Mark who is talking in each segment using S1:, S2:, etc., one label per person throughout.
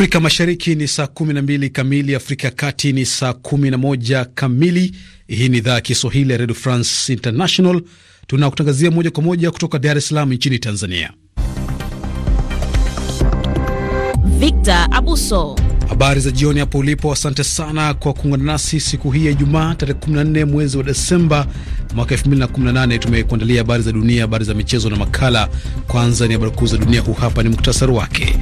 S1: Afrika Mashariki ni saa 12 kamili, Afrika ya Kati ni saa 11 kamili. Hii ni idhaa ya Kiswahili ya Redio France International, tunakutangazia moja kwa moja kutoka Dar es Salaam nchini Tanzania.
S2: Victor Abuso,
S1: habari za jioni hapo ulipo. Asante sana kwa kuungana nasi siku hii ya Ijumaa, tarehe 14 mwezi wa Desemba mwaka 2018. Tumekuandalia habari za dunia, habari za michezo na makala. Kwanza ni habari kuu za dunia, huu hapa ni muktasari wake.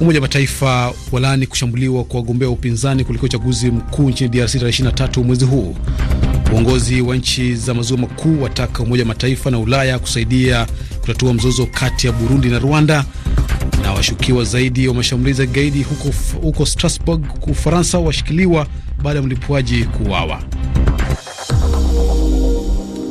S1: Umoja wa Mataifa walani kushambuliwa kwa wagombea wa upinzani kuelekea uchaguzi mkuu nchini DRC tarehe 23 mwezi huu. Uongozi wa nchi za maziwa makuu wataka Umoja wa Mataifa na Ulaya kusaidia kutatua mzozo kati ya Burundi na Rwanda. Na washukiwa zaidi wa mashambulizi ya kigaidi huko, huko Strasbourg, Ufaransa washikiliwa baada ya mlipuaji kuuawa.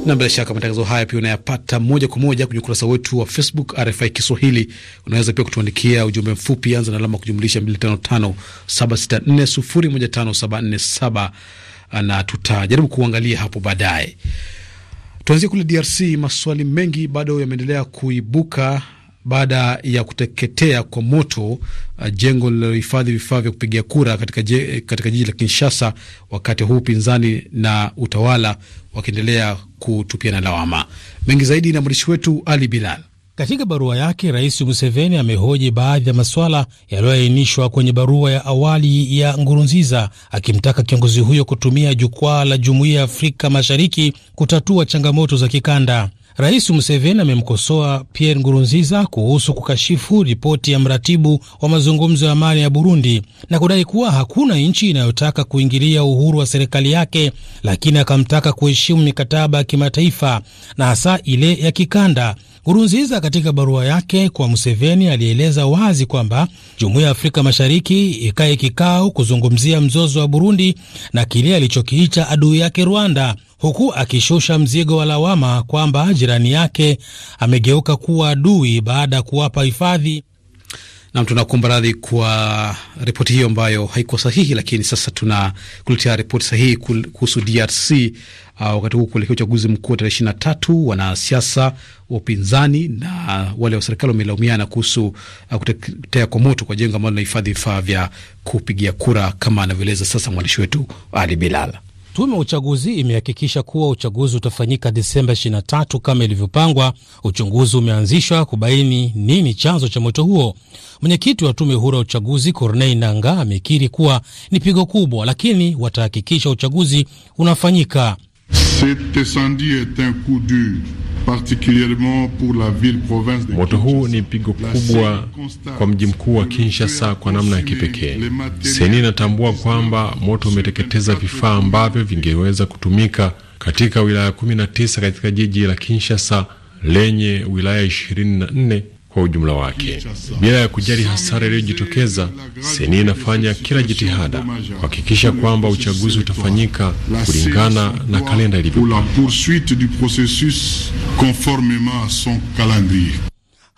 S1: Na bila shaka matangazo haya pia unayapata moja kwa moja kwenye ukurasa wetu wa Facebook RFI Kiswahili. Unaweza pia kutuandikia ujumbe mfupi, anza na alama kujumlisha 255764015747 na tutajaribu kuangalia hapo baadaye. Tuanzie kule DRC. Maswali mengi bado yameendelea kuibuka baada ya kuteketea kwa moto uh, jengo lililohifadhi vifaa vya kupigia kura katika, katika jiji la Kinshasa, wakati huu upinzani na utawala wakiendelea kutupiana lawama. Mengi zaidi na mwandishi wetu Ali Bilal. Katika barua yake, Rais Museveni amehoji baadhi ya masuala
S3: yaliyoainishwa kwenye barua ya awali ya Ngurunziza, akimtaka kiongozi huyo kutumia jukwaa la Jumuiya ya Afrika Mashariki kutatua changamoto za kikanda. Rais Museveni amemkosoa Pierre Ngurunziza kuhusu kukashifu ripoti ya mratibu wa mazungumzo ya amani ya Burundi na kudai kuwa hakuna nchi inayotaka kuingilia uhuru wa serikali yake, lakini akamtaka kuheshimu mikataba ya kimataifa na hasa ile ya kikanda Nkurunziza katika barua yake kwa Museveni alieleza wazi kwamba jumuiya ya Afrika Mashariki ikae kikao kuzungumzia mzozo wa Burundi na kile alichokiita adui yake Rwanda, huku akishusha mzigo wa lawama kwamba jirani yake
S1: amegeuka kuwa adui baada ya kuwapa hifadhi Nam, tunakuomba radhi kwa ripoti hiyo ambayo haikuwa sahihi, lakini sasa tunakuletea ripoti sahihi kuhusu DRC. Uh, wakati huu kuelekea uchaguzi mkuu wa tarehe ishirini na tatu, wanasiasa wa upinzani na wale wa serikali wamelaumiana kuhusu uh, kuteketea kwa moto kwa jengo ambalo linahifadhi vifaa vya kupigia kura, kama anavyoeleza sasa mwandishi wetu Ali bilala
S3: Tume ya uchaguzi imehakikisha kuwa uchaguzi utafanyika Desemba 23 kama ilivyopangwa. Uchunguzi umeanzishwa kubaini nini chanzo cha moto huo. Mwenyekiti wa tume huru ya uchaguzi Cornei Nanga amekiri kuwa ni pigo kubwa, lakini watahakikisha uchaguzi
S4: unafanyika. Moto huu ni pigo kubwa kwa mji mkuu wa Kinshasa kwa namna ya kipekee. Seni inatambua kwamba moto umeteketeza vifaa ambavyo vingeweza kutumika katika wilaya 19 katika jiji la Kinshasa lenye wilaya 24 kwa ujumla wake. Bila ya kujali hasara iliyojitokeza, seni inafanya kila jitihada kuhakikisha kwamba uchaguzi utafanyika kulingana na kalenda ilivyo.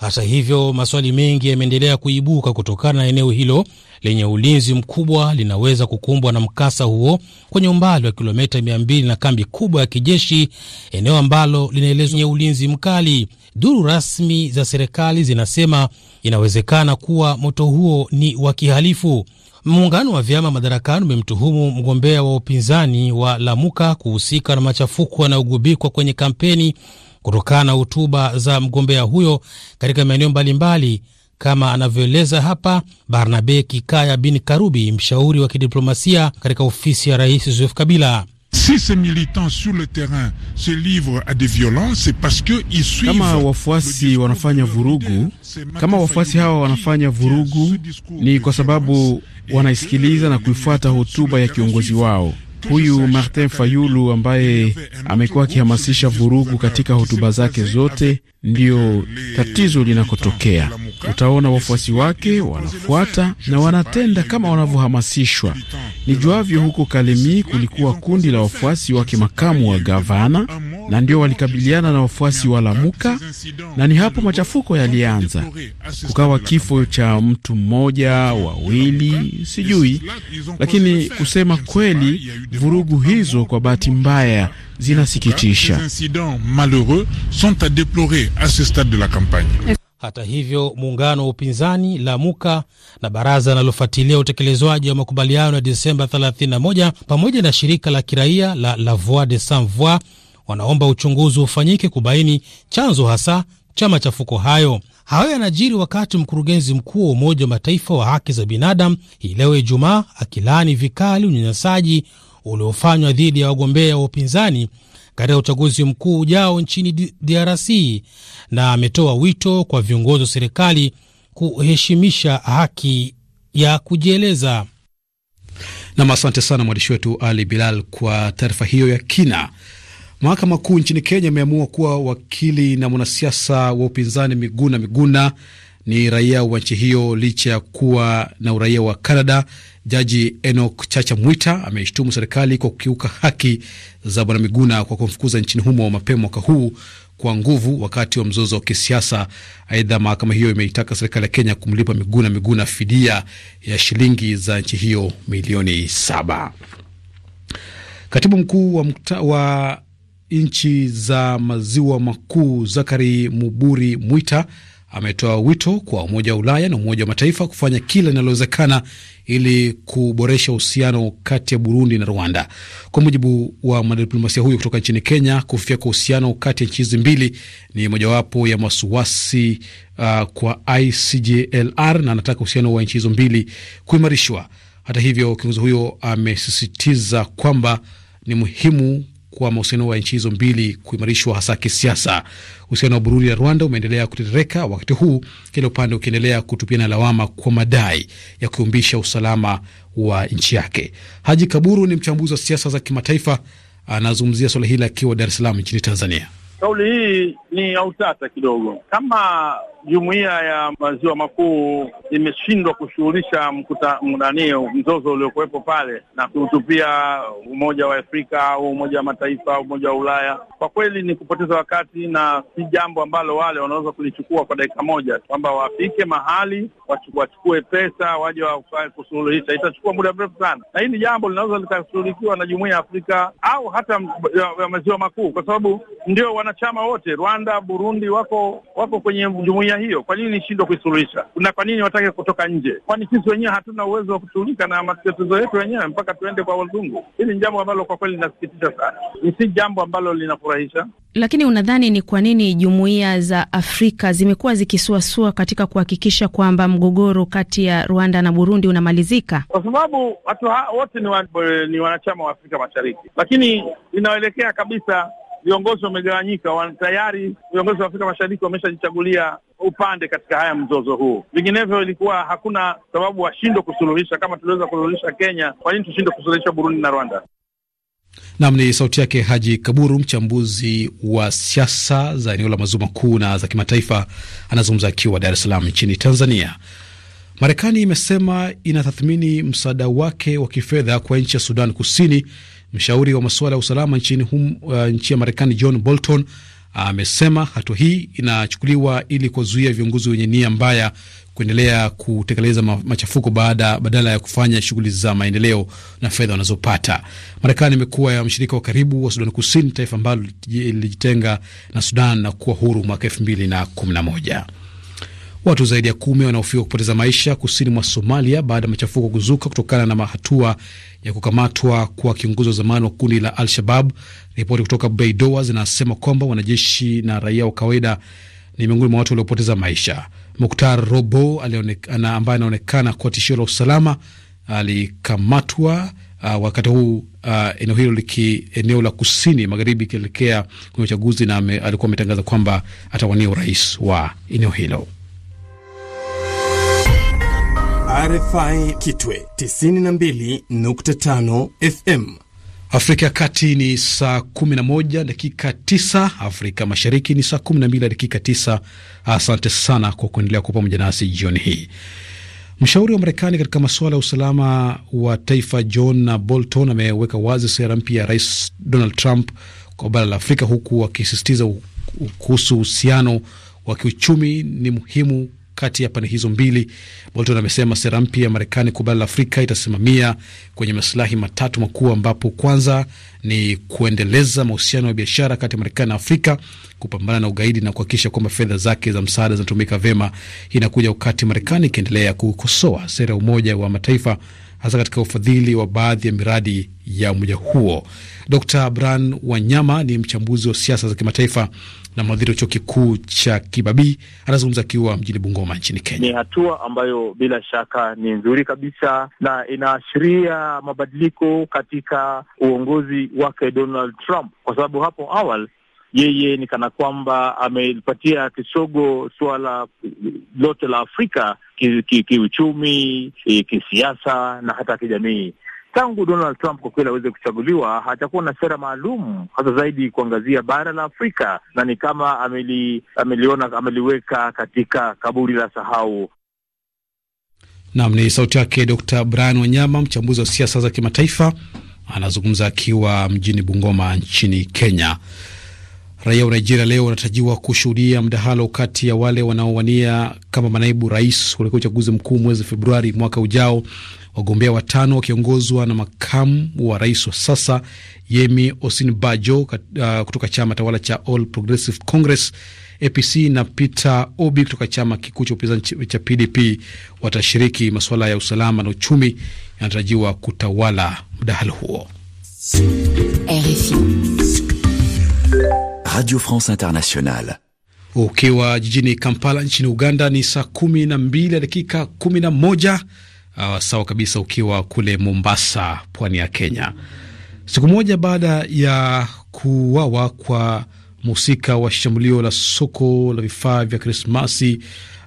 S3: Hata hivyo, maswali mengi yameendelea kuibuka kutokana na eneo hilo lenye ulinzi mkubwa linaweza kukumbwa na mkasa huo kwenye umbali wa kilomita 200 na kambi kubwa ya kijeshi, eneo ambalo linaelezwa lenye ulinzi mkali. Duru rasmi za serikali zinasema inawezekana kuwa moto huo ni wa kihalifu. Muungano wa vyama madarakani umemtuhumu mgombea wa upinzani wa Lamuka kuhusika na machafuko yanayogubikwa kwenye kampeni kutokana na hotuba za mgombea huyo katika maeneo mbalimbali, kama anavyoeleza hapa Barnabe Kikaya bin Karubi, mshauri wa kidiplomasia katika ofisi ya Rais Joseph Kabila.
S5: Kama wafuasi wanafanya vurugu, kama wafuasi hawa wanafanya vurugu ni kwa sababu wanaisikiliza na kuifuata hotuba ya kiongozi wao. Huyu Martin Fayulu ambaye amekuwa akihamasisha vurugu katika hotuba zake zote ndio tatizo linakotokea. Utaona wafuasi wake wanafuata na wanatenda kama wanavyohamasishwa. Nijuavyo, huko Kalemi kulikuwa kundi la wafuasi wake makamu wa gavana, na ndio walikabiliana na wafuasi wa Lamuka, na ni hapo machafuko yalianza. Kukawa kifo cha mtu mmoja wawili, sijui, lakini kusema kweli, vurugu hizo kwa bahati mbaya zinasikitisha.
S3: Hata hivyo, muungano wa upinzani Lamuka na baraza linalofuatilia utekelezwaji wa makubaliano ya Disemba 31 pamoja na shirika la kiraia la La Voix des Sans Voix wanaomba uchunguzi ufanyike kubaini chanzo hasa cha machafuko hayo. Hayo yanajiri wakati mkurugenzi mkuu wa Umoja wa Mataifa wa haki za binadamu hii leo Ijumaa akilaani vikali unyanyasaji uliofanywa dhidi ya wagombea wa upinzani katika uchaguzi mkuu ujao nchini DRC na ametoa wito kwa viongozi wa serikali kuheshimisha haki
S1: ya kujieleza. Nam, asante sana mwandishi wetu Ali Bilal kwa taarifa hiyo ya kina. Mahakama Kuu nchini Kenya imeamua kuwa wakili na mwanasiasa wa upinzani Miguna Miguna ni raia wa nchi hiyo licha ya kuwa na uraia wa Canada. Jaji enok Chacha Mwita ameshtumu serikali kwa kukiuka haki za Bwana Miguna kwa kumfukuza nchini humo mapema mwaka huu kwa nguvu wakati wa mzozo wa kisiasa. Aidha, mahakama hiyo imeitaka serikali ya Kenya kumlipa Miguna Miguna fidia ya shilingi za nchi hiyo milioni saba. Katibu mkuu wa, wa nchi za maziwa makuu Zakari Muburi Mwita ametoa wito kwa Umoja wa Ulaya na Umoja wa Mataifa kufanya kila linalowezekana ili kuboresha uhusiano kati ya Burundi na Rwanda. Kwa mujibu wa mwanadiplomasia huyo kutoka nchini Kenya, kufifia kwa uhusiano kati ya nchi hizi mbili ni mojawapo ya wasiwasi uh, kwa ICJLR na anataka uhusiano wa nchi hizo mbili kuimarishwa. Hata hivyo, kiongozi huyo amesisitiza kwamba ni muhimu kwa mahusiano wa nchi hizo mbili kuimarishwa hasa kisiasa. Uhusiano wa Burundi na Rwanda umeendelea kutetereka, wakati huu kila upande ukiendelea kutupiana lawama kwa madai ya kuumbisha usalama wa nchi yake. Haji Kaburu ni mchambuzi wa siasa za kimataifa, anazungumzia suala hili akiwa Dar es Salaam nchini Tanzania.
S6: Kauli hii ni ya utata kidogo. Kama jumuiya ya maziwa makuu imeshindwa kushughulisha mkutanio mzozo uliokuwepo pale na kuutupia Umoja wa Afrika au Umoja wa Mataifa au Umoja wa Ulaya, kwa kweli ni kupoteza wakati na si jambo ambalo wale wanaweza kulichukua kwa dakika moja, kwamba wafike mahali wachukue pesa waje kusuluhisha. Itachukua muda mrefu sana, na hii ni jambo linaweza likashughulikiwa na jumuiya ya Afrika au hata ya maziwa makuu, kwa sababu ndio wana wanachama wote Rwanda, Burundi wako wako kwenye jumuiya hiyo. Kwa nini nishindwa kuisuluhisha? Na kwa nini watake kutoka nje? Kwani sisi wenyewe hatuna uwezo wa kushughulika na matatizo yetu wenyewe mpaka tuende kwa wazungu? Hili ni jambo ambalo kwa kweli linasikitisha sana, ni si jambo ambalo linafurahisha.
S2: Lakini unadhani ni kwa nini jumuiya za Afrika zimekuwa zikisuasua katika kuhakikisha kwamba mgogoro kati ya Rwanda na Burundi unamalizika?
S6: Kwa sababu watu wote ni, wa, ni wanachama wa Afrika Mashariki, lakini inaelekea kabisa viongozi wamegawanyika, tayari viongozi wa Afrika Mashariki wameshajichagulia upande katika haya mzozo huu. Vinginevyo ilikuwa hakuna sababu washindwe kusuluhisha. Kama tuliweza kusuluhisha Kenya, kwa nini tushindwe kusuluhisha Burundi na Rwanda?
S1: Nam ni sauti yake Haji Kaburu, mchambuzi wa siasa za eneo la maziwa makuu na za kimataifa, anazungumza akiwa Dar es Salaam nchini Tanzania. Marekani imesema inatathmini msaada wake wa kifedha kwa nchi ya Sudan Kusini Mshauri wa masuala ya usalama nchini hum, uh, nchi ya Marekani John Bolton amesema uh, hatua hii inachukuliwa ili kuwazuia viongozi wenye nia mbaya kuendelea kutekeleza machafuko baada badala ya kufanya shughuli za maendeleo na fedha wanazopata. Marekani imekuwa ya mshirika wa karibu wa Sudan Kusini, taifa ambalo lilijitenga na Sudan na kuwa huru mwaka elfu mbili na kumi na moja. Watu zaidi ya kumi wanaofiwa kupoteza maisha kusini mwa Somalia baada ya machafuko kuzuka kutokana na hatua ya kukamatwa kwa kiongozi wa zamani wa kundi la Al-Shabab. Ripoti kutoka Beidoa zinasema kwamba wanajeshi na raia wa kawaida ni miongoni mwa watu waliopoteza maisha. Muktar Robo ambaye anaonekana kuwa tishio la usalama alikamatwa uh, wakati huu uh, eneo hilo liki eneo la kusini magharibi ikielekea kwenye uchaguzi na ame, alikuwa ametangaza kwamba atawania urais wa eneo hilo. RFI Kitwe 92.5 FM. Afrika ya Kati ni saa 11 dakika 9, Afrika Mashariki ni saa 12 dakika 9. Asante sana kwa kuendelea kuwa pamoja nasi jioni hii. Mshauri wa Marekani katika masuala ya usalama wa taifa John Bolton ameweka wazi sera mpya ya Rais Donald Trump kwa bara la Afrika, huku akisisitiza kuhusu uhusiano wa kiuchumi ni muhimu kati ya pande hizo mbili. Bolton amesema sera mpya ya Marekani kwa bara la Afrika itasimamia kwenye masilahi matatu makuu, ambapo kwanza ni kuendeleza mahusiano ya biashara kati ya Marekani na Afrika, kupambana na ugaidi na kuhakikisha kwamba fedha zake za msaada zinatumika vema. Hii inakuja wakati Marekani ikiendelea kukosoa sera ya Umoja wa Mataifa hasa katika ufadhili wa baadhi ya miradi ya umoja huo. Dr Bran Wanyama ni mchambuzi wa siasa za kimataifa na mwadhiri wa chuo kikuu cha Kibabii. Anazungumza akiwa mjini Bungoma nchini Kenya.
S7: Ni hatua ambayo bila shaka ni nzuri kabisa na inaashiria mabadiliko katika uongozi wake Donald Trump, kwa sababu hapo awali yeye ni kana kwamba amepatia kisogo suala lote la Afrika kiuchumi ki, ki, eh, kisiasa na hata kijamii tangu Donald Trump kwa kweli aweze kuchaguliwa, hatakuwa na sera maalum hasa zaidi kuangazia bara la Afrika, na ni kama ameli, ameliona ameliweka katika kaburi la sahau.
S1: nam ni sauti yake Dr. Brian Wanyama, mchambuzi wa siasa za kimataifa, anazungumza akiwa mjini Bungoma nchini Kenya. Raia wa Nigeria leo wanatarajiwa kushuhudia mdahalo kati ya wale wanaowania kama manaibu rais kuelekea uchaguzi mkuu mwezi Februari mwaka ujao. Wagombea watano wakiongozwa na makamu wa rais wa sasa Yemi Osinbajo uh, kutoka chama tawala cha All Progressive Congress APC na Peter Obi kutoka chama kikuu cha upinzani cha PDP watashiriki. Masuala ya usalama na uchumi yanatarajiwa kutawala mdahalo huo. RFI Radio France Internationale ukiwa jijini Kampala nchini Uganda ni saa kumi na mbili ya dakika kumi na moja uh, sawa kabisa ukiwa kule Mombasa, pwani ya Kenya. Siku moja baada ya kuuawa kwa mhusika wa shambulio la soko la vifaa vya Krismasi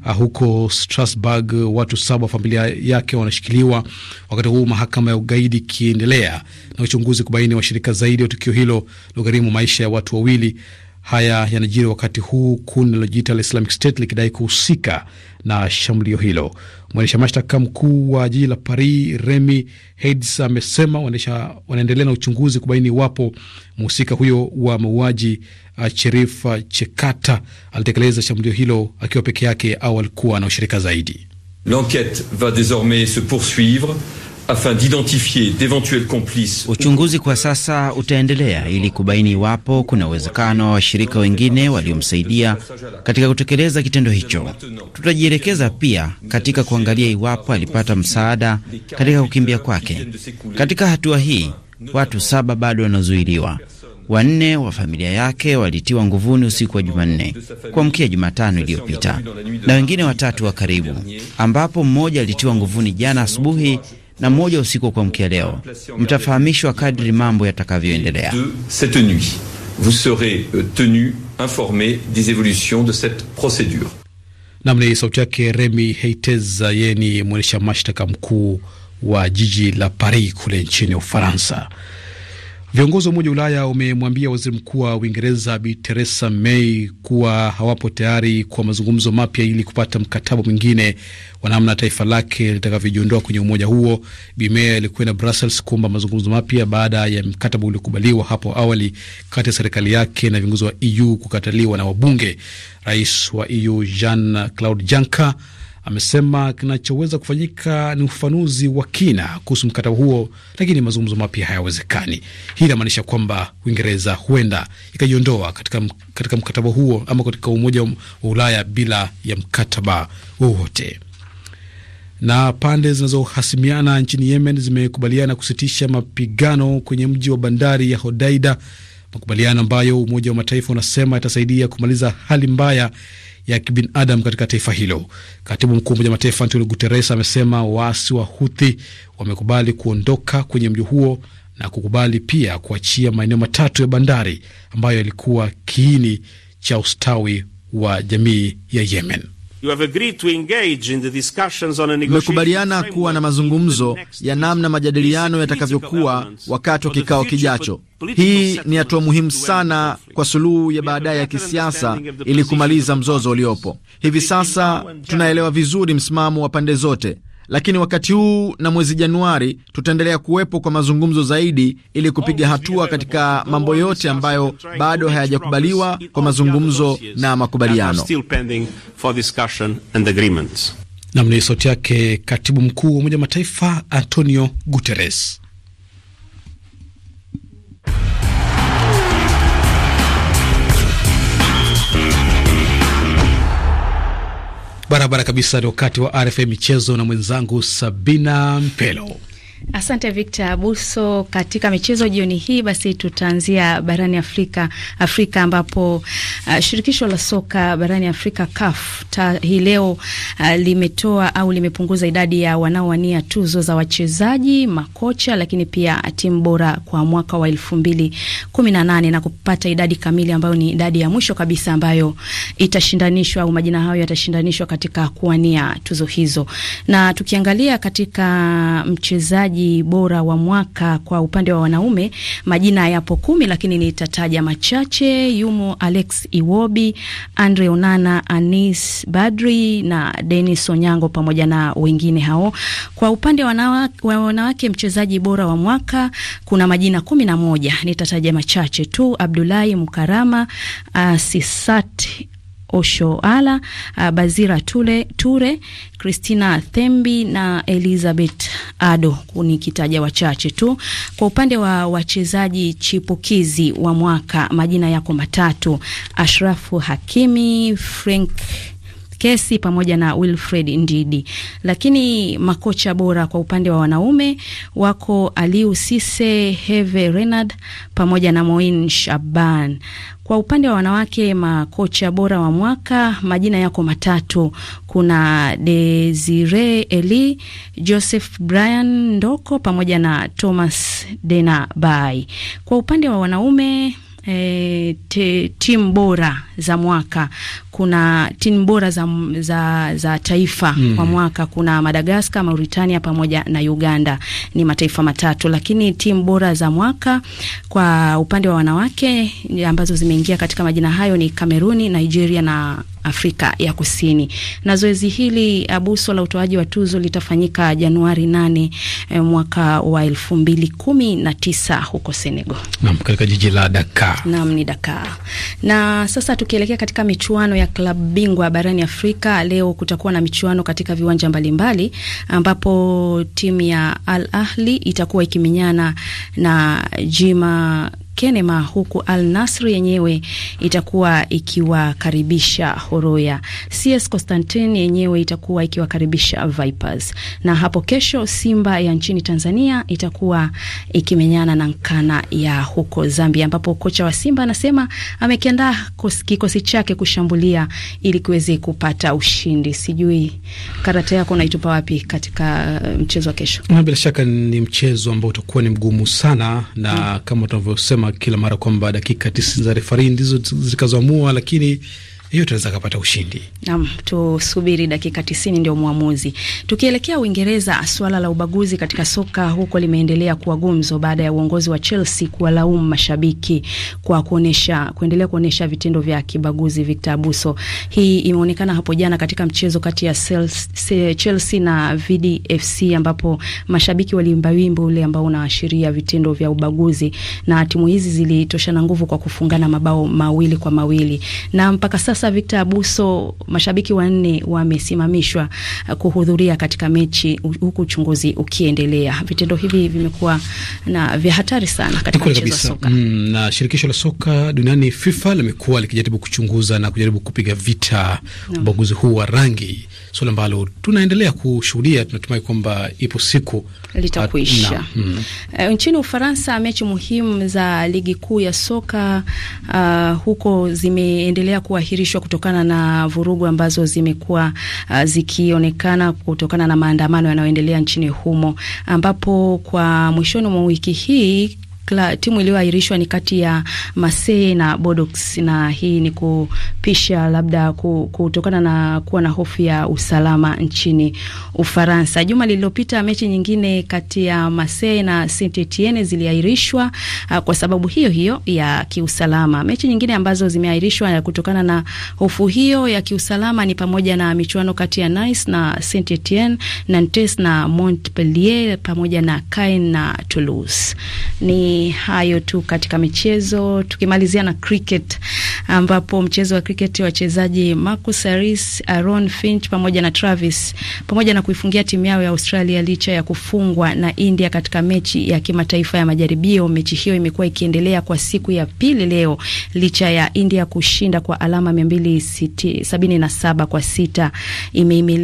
S1: uh, huko Strasbourg, watu saba wa familia yake wanashikiliwa, wakati huu mahakama ya ugaidi ikiendelea na uchunguzi kubaini washirika zaidi wa tukio hilo lilogharimu maisha ya watu wawili. Haya yanajiri wakati huu kundi linalojiita la Islamic State likidai kuhusika na shambulio hilo. Mwendesha mashtaka mkuu wa jiji la Paris Remy Heitz amesema wanaendelea na uchunguzi kubaini iwapo mhusika huyo wa mauaji uh, Cherif Chekata alitekeleza shambulio hilo akiwa peke yake au alikuwa na ushirika zaidi.
S8: L'enquête va désormais se poursuivre afin d'identifier d'eventuels complices. Uchunguzi
S9: kwa sasa utaendelea ili kubaini iwapo kuna uwezekano wa washirika wengine waliomsaidia katika kutekeleza kitendo hicho. Tutajielekeza pia katika kuangalia iwapo alipata msaada katika kukimbia kwake. Katika hatua hii, watu saba bado wanazuiliwa. Wanne wa familia yake walitiwa nguvuni usiku wa Jumanne kuamkia Jumatano iliyopita na wengine watatu wa karibu, ambapo mmoja alitiwa nguvuni jana asubuhi na mmoja usiku wa kuamkia leo. Mtafahamishwa kadri mambo yatakavyoendelea.
S1: Nam euh, ni sauti yake Remi Heitez, yeye ni mwendesha mashtaka mkuu wa jiji la Paris kule nchini Ufaransa. Viongozi wa Umoja wa Ulaya wamemwambia waziri mkuu wa Uingereza Bi Theresa May kuwa hawapo tayari kwa mazungumzo mapya ili kupata mkataba mwingine wa namna taifa lake litakavyojiondoa kwenye umoja huo. Bi May alikwenda Brussels kuomba mazungumzo mapya baada ya mkataba uliokubaliwa hapo awali kati ya serikali yake na viongozi wa EU kukataliwa na wabunge. Rais wa EU Jean Claude Juncker amesema kinachoweza kufanyika ni ufafanuzi wa kina kuhusu mkataba huo, lakini mazungumzo mapya hayawezekani. Hii inamaanisha kwamba Uingereza huenda ikajiondoa katika, katika mkataba huo ama katika Umoja wa Ulaya bila ya mkataba wowote. Na pande zinazohasimiana nchini Yemen zimekubaliana kusitisha mapigano kwenye mji wa bandari ya Hodeida, makubaliano ambayo Umoja wa Mataifa unasema itasaidia kumaliza hali mbaya ya kibinadamu katika taifa hilo. Katibu mkuu wa Umoja Mataifa Antonio Guterres amesema waasi wa Huthi wamekubali kuondoka kwenye mji huo na kukubali pia kuachia maeneo matatu ya bandari ambayo yalikuwa kiini cha ustawi wa jamii
S10: ya Yemen.
S7: Mmekubaliana
S10: kuwa na mazungumzo ya namna majadiliano yatakavyokuwa wakati wa kikao kijacho. Hii ni hatua muhimu sana kwa suluhu ya baadaye ya kisiasa ili kumaliza mzozo uliopo hivi sasa. Tunaelewa vizuri msimamo wa pande zote lakini wakati huu na mwezi Januari tutaendelea kuwepo kwa mazungumzo zaidi ili kupiga oh, hatua katika mambo yote ambayo bado hayajakubaliwa kwa mazungumzo na makubaliano. Nam ni sauti yake katibu mkuu wa Umoja wa
S1: Mataifa Antonio Guterres. barabara kabisa. Ni wakati wa rf michezo na mwenzangu Sabina Mpelo.
S2: Asante Victor Abuso. Katika michezo jioni hii, basi tutaanzia barani Afrika, Afrika ambapo uh, shirikisho la soka barani Afrika CAF hii leo uh, limetoa au limepunguza idadi ya wanaowania tuzo za wachezaji, makocha, lakini pia timu bora kwa mwaka wa elfu mbili kumi na nane na kupata idadi kamili ambayo ni idadi ya mwisho kabisa ambayo itashindanishwa au majina hayo yatashindanishwa katika kuwania tuzo hizo, na tukiangalia katika mchezaji mchezaji bora wa mwaka kwa upande wa wanaume, majina yapo kumi, lakini nitataja machache. Yumo Alex Iwobi, Andre Onana, Anis Badri na Denis Onyango pamoja na wengine hao. Kwa upande wa wanawake, mchezaji bora wa mwaka kuna majina kumi na moja, nitataja machache tu: Abdulahi Mukarama, uh, Sisat Osho Ala, uh, Bazira Tule, Ture, Christina Thembi na Elizabeth Ado, kitaja wachache tu. Kwa upande wa wachezaji chipukizi wa mwaka, majina yako matatu: Ashrafu Hakimi, Frank Kesi pamoja na Wilfred Ndidi. Lakini makocha bora kwa upande wa wanaume wako Aliu Sise, Heve Renard pamoja na Moin Shaban. Kwa upande wa wanawake makocha bora wa mwaka majina yako matatu, kuna Desire Eli, Joseph Brian Ndoko pamoja na Thomas Dena Kwa upande wa wanaume e, te, timu bora za mwaka, kuna timu bora za, za, za taifa mm. kwa mwaka kuna Madagaskar, Mauritania pamoja na Uganda, ni mataifa matatu. Lakini timu bora za mwaka kwa upande wa wanawake ambazo zimeingia katika majina hayo ni Kameruni, Nigeria na Afrika ya Kusini. Na zoezi hili abuso uh, la utoaji wa tuzo litafanyika Januari 8 eh, mwaka wa 2019 huko Senegal.
S1: Naam, katika jiji la Dakar.
S2: Naam, ni Dakar. Na sasa tukielekea katika michuano ya klabu bingwa barani Afrika, leo kutakuwa na michuano katika viwanja mbalimbali ambapo timu ya Al Ahli itakuwa ikiminyana na Jima Kenema, huku Al Nasri yenyewe itakuwa ikiwakaribisha Horoya. CS Constantine yenyewe itakuwa ikiwakaribisha Vipers, na hapo kesho Simba ya nchini Tanzania itakuwa ikimenyana na Nkana ya huko Zambia, ambapo kocha wa Simba anasema amekiandaa kikosi chake kushambulia ili kuweze kupata ushindi. Sijui karata yako unaitupa wapi katika uh, mchezo wa kesho?
S1: Bila shaka ni mchezo ambao utakuwa ni mgumu sana na hmm, kama tunavyosema kila mara kwamba dakika tisini za refari ndizo zikazoamua, lakini hiyo tunaweza kupata ushindi.
S2: Naam, tusubiri dakika tisini ndio mwamuzi. Tukielekea Uingereza, swala la ubaguzi katika soka huko limeendelea kuwa gumzo baada ya uongozi wa Chelsea kuwalaumu mashabiki kwa kuonesha kuendelea kuonyesha vitendo vya kibaguzi. Victor Abuso, hii imeonekana hapo jana katika mchezo kati ya Chelsea na VDFC ambapo mashabiki waliimba wimbo ule ambao unaashiria vitendo vya ubaguzi na timu hizi zilitoshana nguvu kwa kufungana mabao mawili kwa mawili na mpaka sasa sasa, Victor Abuso, mashabiki wanne wamesimamishwa uh, kuhudhuria katika mechi huku uchunguzi ukiendelea. Vitendo hivi vimekuwa na vya hatari sana katika mchezo wa soka
S1: mm, na shirikisho la soka duniani FIFA limekuwa likijaribu kuchunguza na kujaribu kupiga vita ubaguzi no. huu wa rangi, suala ambalo tunaendelea kushuhudia. Tunatumai kwamba ipo siku
S2: litakuisha. Ah, mm. Eh, nchini Ufaransa, mechi muhimu za ligi kuu ya soka uh, huko zimeendelea kuahirishwa kusitishwa kutokana na vurugu ambazo zimekuwa uh, zikionekana kutokana na maandamano yanayoendelea nchini humo, ambapo kwa mwishoni mwa wiki hii kla, timu iliyoahirishwa ni kati ya Marseille na Bordeaux, na hii ni kupisha labda kutokana na kuwa na hofu ya usalama nchini Ufaransa. Juma lililopita mechi nyingine kati ya Marseille na Saint Etienne ziliahirishwa ah, kwa sababu hiyo hiyo ya kiusalama. Mechi nyingine ambazo zimeahirishwa kutokana na hofu hiyo ya kiusalama ni pamoja na michuano kati ya Nice na Saint Etienne, Nantes na Montpellier pamoja na Caen na Toulouse. Ni hayo tu katika michezo, tukimalizia na cricket, ambapo mchezo wa cricket wachezaji Marcus Harris, Aaron Finch pamoja na Travis pamoja na kuifungia timu yao ya Australia licha ya kufungwa na India katika mechi ya kimataifa ya majaribio. Mechi hiyo imekuwa ikiendelea kwa siku ya pili leo licha ya India kushinda kwa alama 277 kwa sita,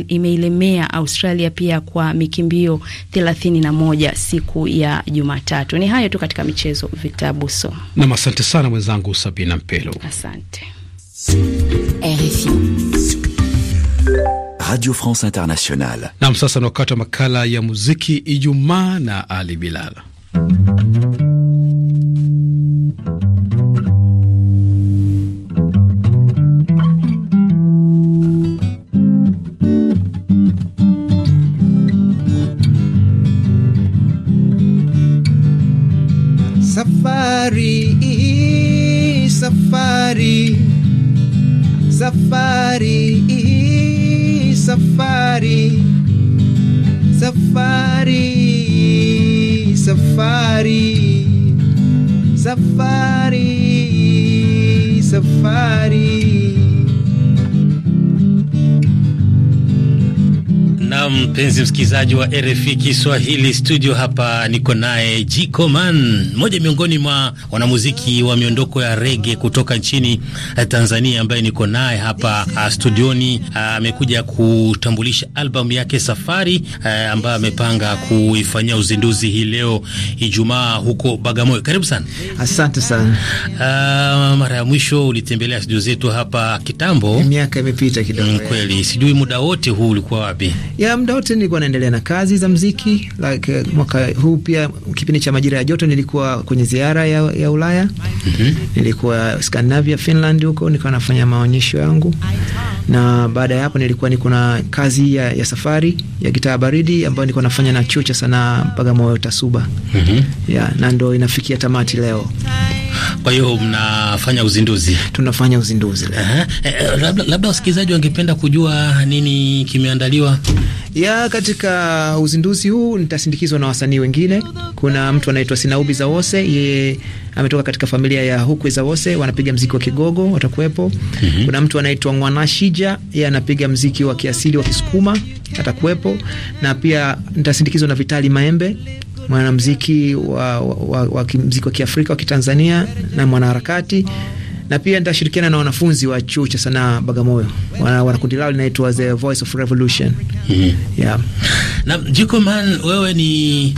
S2: imeilemea Australia pia kwa mikimbio 31 siku ya Jumatatu. Ni hayo tu katika katika michezo Victor Abuso. Nam,
S1: asante sana mwenzangu Sabina Mpelo. Asante RFI. Radio France Internationale. Nam, sasa ni wakati wa makala ya muziki Ijumaa na Ali Bilal.
S11: Safari, safari, safari, safari, safari, safari, safari, safari.
S3: mpenzi msikilizaji wa RFI Kiswahili studio, hapa niko naye Jikoman, mmoja miongoni mwa wanamuziki wa miondoko ya rege kutoka nchini eh, Tanzania, ambaye niko naye hapa ah, studioni. Ah, amekuja kutambulisha albamu yake Safari eh, ambayo amepanga kuifanyia uzinduzi hii leo Ijumaa huko Bagamoyo. Karibu sana. Asante sana. Ah, mara ya mwisho ulitembelea studio zetu hapa kitambo, miaka imepita kidogo mm, kweli, sijui muda wote huu ulikuwa wapi?
S12: ya muda wote nilikuwa naendelea na kazi za mziki like, eh, mwaka huu pia kipindi cha majira ya joto nilikuwa kwenye ziara ya, ya Ulaya mm -hmm. Nilikuwa Scandinavia, Finland huko nikawa nafanya maonyesho yangu, na baada ya hapo nilikuwa niko na kazi ya, ya safari ya gitaa baridi ambayo nilikuwa nafanya na chuo cha sanaa Bagamoyo Tasuba mm -hmm. yeah, na ndo inafikia tamati leo.
S3: Kwa hiyo mnafanya uzinduzi? Tunafanya uzinduzi. Aha. Eh, eh, labda, labda wasikilizaji wangependa kujua nini kimeandaliwa
S12: ya katika uzinduzi huu. Nitasindikizwa na wasanii wengine. Kuna mtu anaitwa Sinaubi Zawose, yeye ametoka katika familia ya Hukwe Zawose, wanapiga mziki wa Kigogo, watakuwepo. mm -hmm. Kuna mtu anaitwa Mwanashija, yeye anapiga mziki wa kiasili wa Kisukuma, atakuwepo. Na pia nitasindikizwa na Vitali Maembe mwanamziki wa, wa, wa, mziki wa Kiafrika wa Kitanzania na mwanaharakati na pia nitashirikiana na wanafunzi wa chuo cha sanaa Bagamoyo. Wana, kundi lao linaitwa The Voice of Revolution. mm -hmm. Yeah.
S3: Na Jiko Man, wewe ni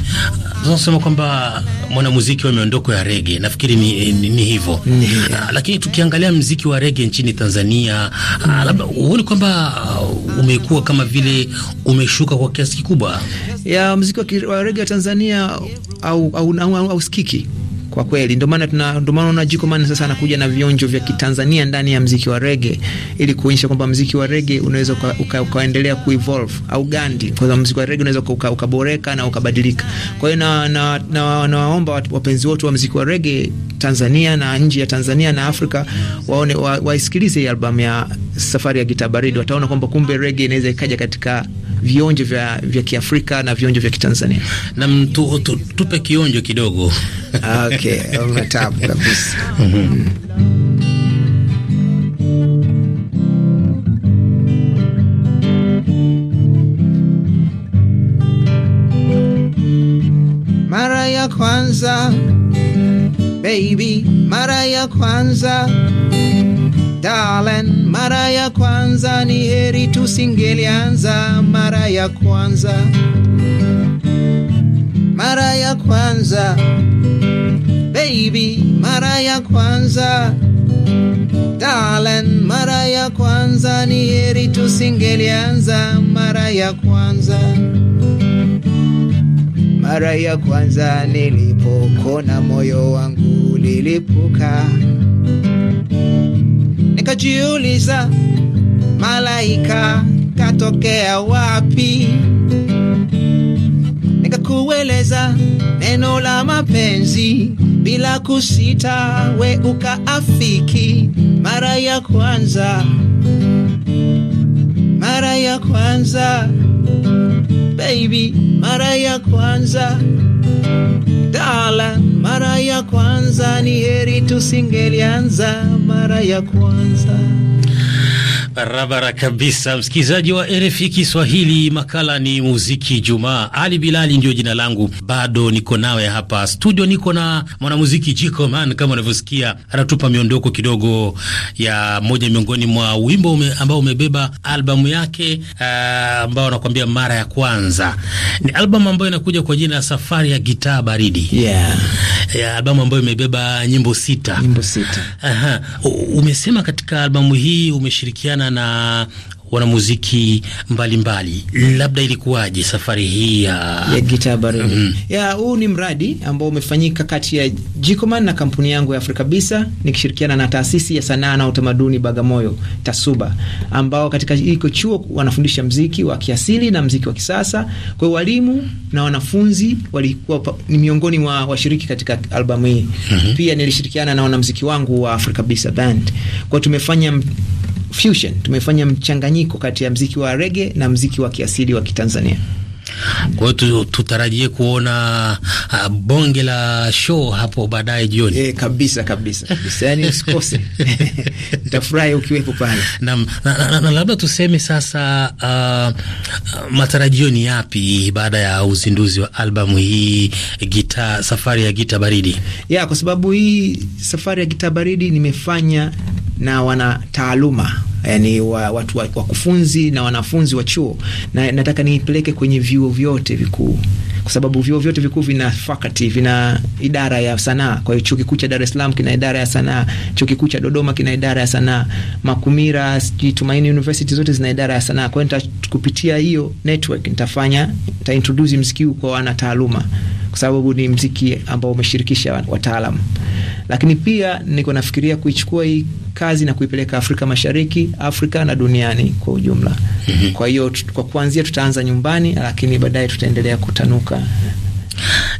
S3: tunasema kwamba mwanamuziki wa miondoko ya rege, nafikiri ni, ni, ni hivyo. mm -hmm. Uh, lakini tukiangalia mziki wa rege nchini Tanzania, uh, labda huoni
S12: kwamba ah, umekuwa kama
S3: vile umeshuka kwa kiasi kikubwa?
S12: ya muziki wa rege wa Tanzania au au, au, au, au, au, au, au, au, au, kwa kweli. Ndio maana tuna ndio maana unaona Jiko Man sasa anakuja na vionjo vya Kitanzania ndani ya mziki wa rege, ili kuonyesha kwamba mziki wa rege unaweza ukaendelea uka, uka kuevolve au Gandi, kwa sababu mziki wa rege unaweza ukaboreka uka na ukabadilika. Kwa hiyo na na nawaomba na na wapenzi wote wa mziki wa rege Tanzania na nje ya Tanzania na Afrika waone wa, waisikilize hii albamu ya Safari ya Gitaa Baridi, wataona kwamba kumbe rege inaweza ikaja katika vionjo vya, vya Kiafrika na vionjo vya Kitanzania.
S3: Na mtu, tu, tupe kionjo kidogo. uh, yake
S12: una tabu kabisa.
S11: Mara ya kwanza baby, mara ya kwanza darling, mara ya kwanza ni heri tusingelianza mara ya kwanza mara ya kwanza baby, mara ya kwanza darling, mara ya kwanza ni heri tusingelianza mara ya kwanza
S12: mara ya kwanza nilipokona moyo wangu lilipuka,
S11: nikajiuliza malaika katokea wapi? kueleza neno la mapenzi bila kusita, we ukaafiki mara ya kwanza, mara ya kwanza baby, mara ya kwanza dala, mara ya kwanza ni heri tusingelianza mara ya kwanza
S3: Barabara kabisa, msikilizaji wa RFI Kiswahili, makala ni muziki Jumaa. Ali Bilali ndio jina langu, bado niko nawe hapa studio, niko na mwanamuziki Jiko Man. Kama unavyosikia, anatupa miondoko kidogo ya moja miongoni mwa wimbo ume, ambao umebeba albamu yake uh, ambao anakuambia mara ya kwanza. Ni albamu ambayo inakuja kwa jina la Safari ya Gitaa Baridi, yeah. ya albamu ambayo imebeba nyimbo sita, nyimbo sita. Aha. Umesema katika albamu hii umeshirikiana kukutana na wanamuziki mbalimbali mbali. Labda ilikuwaje safari hii ya ya
S9: gitaa baridi? mm
S12: -hmm. Ya huu ni mradi ambao umefanyika kati ya Jikoman na kampuni yangu ya Afrika Bisa nikishirikiana na taasisi ya sanaa na utamaduni Bagamoyo Tasuba, ambao katika hiko chuo wanafundisha mziki wa kiasili na mziki wa kisasa. Kwa hiyo walimu na wanafunzi walikuwa ni miongoni mwa washiriki katika albamu hii. mm -hmm. Pia nilishirikiana na wanamziki wangu wa Afrika Bisa Band. Kwa tumefanya fusion, tumefanya mchanganyiko kati ya mziki wa rege na mziki wa kiasili wa Kitanzania. Kwa hiyo tutarajie
S3: kuona uh, bonge la show hapo baadaye jioni. E, kabisa kabisa
S12: kabisa, yani usikose nitafurahi ukiwepo pale.
S3: na, na, na, na labda tuseme sasa, uh, uh matarajio ni yapi baada ya uzinduzi wa
S12: albamu hii gita, safari ya gita baridi ya, kwa sababu hii safari ya gita baridi nimefanya na wana taaluma yani wa, watu wa, wakufunzi na wanafunzi wa chuo, na nataka niipeleke kwenye vyuo vyote vikuu kwa sababu vyuo vyote vikuu vina fakati vina idara ya sanaa. Kwa hiyo chuo kikuu cha Dar es Salaam kina idara ya sanaa, chuo kikuu cha Dodoma kina idara ya sanaa, Makumira, Tumaini University zote zina idara ya sanaa. Kwa hiyo kupitia hiyo network nitafanya nita introduce mziki kwa wanataaluma, kwa sababu ni mziki ambao umeshirikisha wataalamu lakini pia niko nafikiria kuichukua hii kazi na kuipeleka Afrika Mashariki, Afrika na duniani kwa ujumla. Mhm. Kwa hiyo kwa kuanzia tutaanza nyumbani, lakini baadaye tutaendelea kutanuka.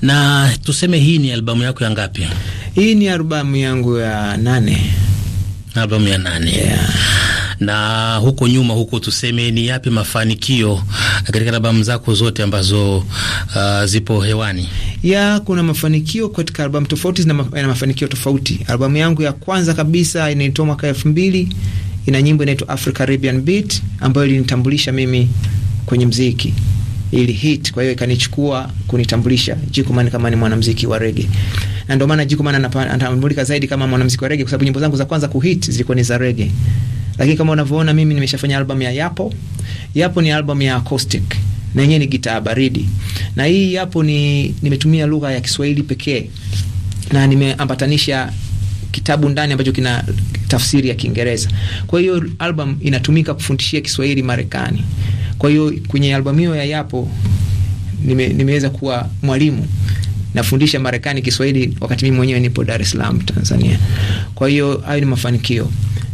S3: Na tuseme hii ni albamu yako ya ngapi? Hii ni albamu yangu ya nane. Albamu ya nane. Yeah na huko nyuma huko, tuseme ni yapi mafanikio katika albamu zako zote ambazo uh, zipo hewani?
S12: Ya, kuna mafanikio katika albamu tofauti na, ma na mafanikio tofauti. Albamu yangu ya kwanza kabisa inaitwa mwaka elfu mbili, ina nyimbo inaitwa Africa Caribbean Beat ambayo ilinitambulisha mimi kwenye mziki ili hit, kwa hiyo ikanichukua kunitambulisha Jiko Man kama ni mwanamuziki wa rege na ndio maana Jiko Man anatambulika zaidi kama mwanamuziki wa rege kwa sababu nyimbo zangu za kwanza kuhit zilikuwa ni za rege. Lakini kama unavyoona mimi nimeshafanya albamu ya Yapo. Yapo ni album ya acoustic na yenyewe ni gitaa baridi, na hii Yapo ni nimetumia lugha ya Kiswahili pekee na nimeambatanisha kitabu ndani ambacho kina tafsiri ya Kiingereza. Kwa hiyo album inatumika kufundishia Kiswahili Marekani. Kwa hiyo kwenye albamu hiyo ya Yapo nime, nimeweza kuwa mwalimu nafundisha Marekani Kiswahili, wakati mimi mwenyewe nipo Dar es Salaam Tanzania. Kwa hiyo hayo ni mafanikio,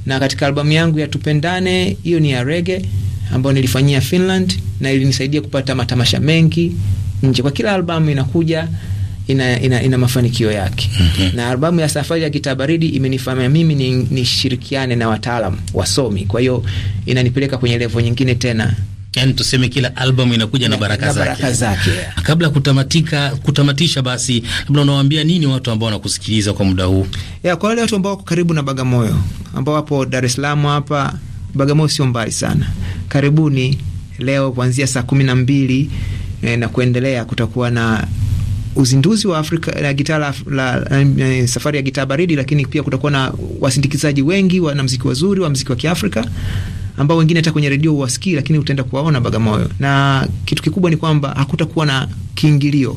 S12: na katika albamu yangu ya Tupendane, hiyo ni ya rege ambayo nilifanyia Finland na ilinisaidia kupata matamasha mengi nje. Kwa kila albamu inakuja ina, ina, ina mafanikio yake mm -hmm. Na albamu ya Safari ya Kitabaridi imenifanya mimi nishirikiane ni na wataalam wasomi, kwa hiyo inanipeleka kwenye levo nyingine tena
S3: yani tuseme kila albamu inakuja na, na baraka, na baraka zake. zake.
S12: Kabla kutamatika kutamatisha, basi labda unawaambia nini watu ambao wanakusikiliza kwa muda huu? Ya, kwa wale watu ambao wako karibu na Bagamoyo ambao wapo Dar es Salaam hapa Bagamoyo sio mbali sana, karibuni leo kuanzia saa kumi na mbili eh, na kuendelea kutakuwa na uzinduzi wa Afrika la gitaa la, la, la, la, eh, safari ya gitaa baridi, lakini pia kutakuwa na wasindikizaji wengi mziki wazuri wa mziki wa Kiafrika ambao wengine hata kwenye redio huwasikii, lakini utaenda kuwaona Bagamoyo. Na kitu kikubwa ni kwamba hakutakuwa na kiingilio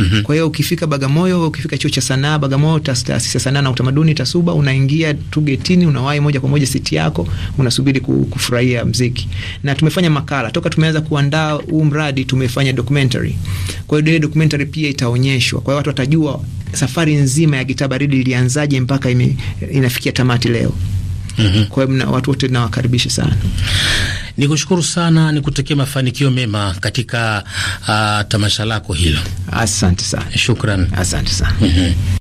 S12: -hmm. Kwa hiyo ukifika Bagamoyo, ukifika chuo cha sanaa Bagamoyo, taasisi ya sanaa na utamaduni TASUBA, unaingia tu getini, unawahi moja kwa moja siti yako, unasubiri kufurahia mziki. Na tumefanya makala toka tumeanza kuandaa huu mradi, tumefanya documentary. Kwa hiyo ile documentary pia itaonyeshwa, kwa hiyo watu watajua safari nzima ya kitabaridi Baridi ilianzaje mpaka inafikia tamati leo. Mm -hmm. Kwa hiyo watu wote nawakaribisha sana.
S3: Ni kushukuru sana, ni kutakia mafanikio mema katika uh, tamasha lako hilo. Asante sana. Shukran. Asante sana. Mm -hmm.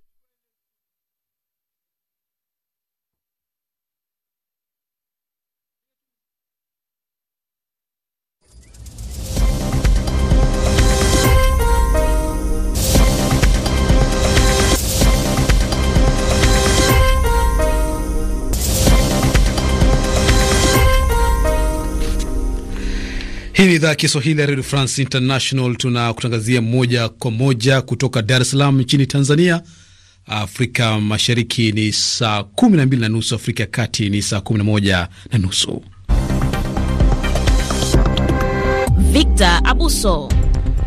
S1: idhaa ya Kiswahili ya redio France International. Tunakutangazia moja kwa moja kutoka Dar es Salaam nchini Tanzania. Afrika Mashariki ni saa 12 na nusu, Afrika ya Kati ni saa 11 na nusu.
S2: Victor Abuso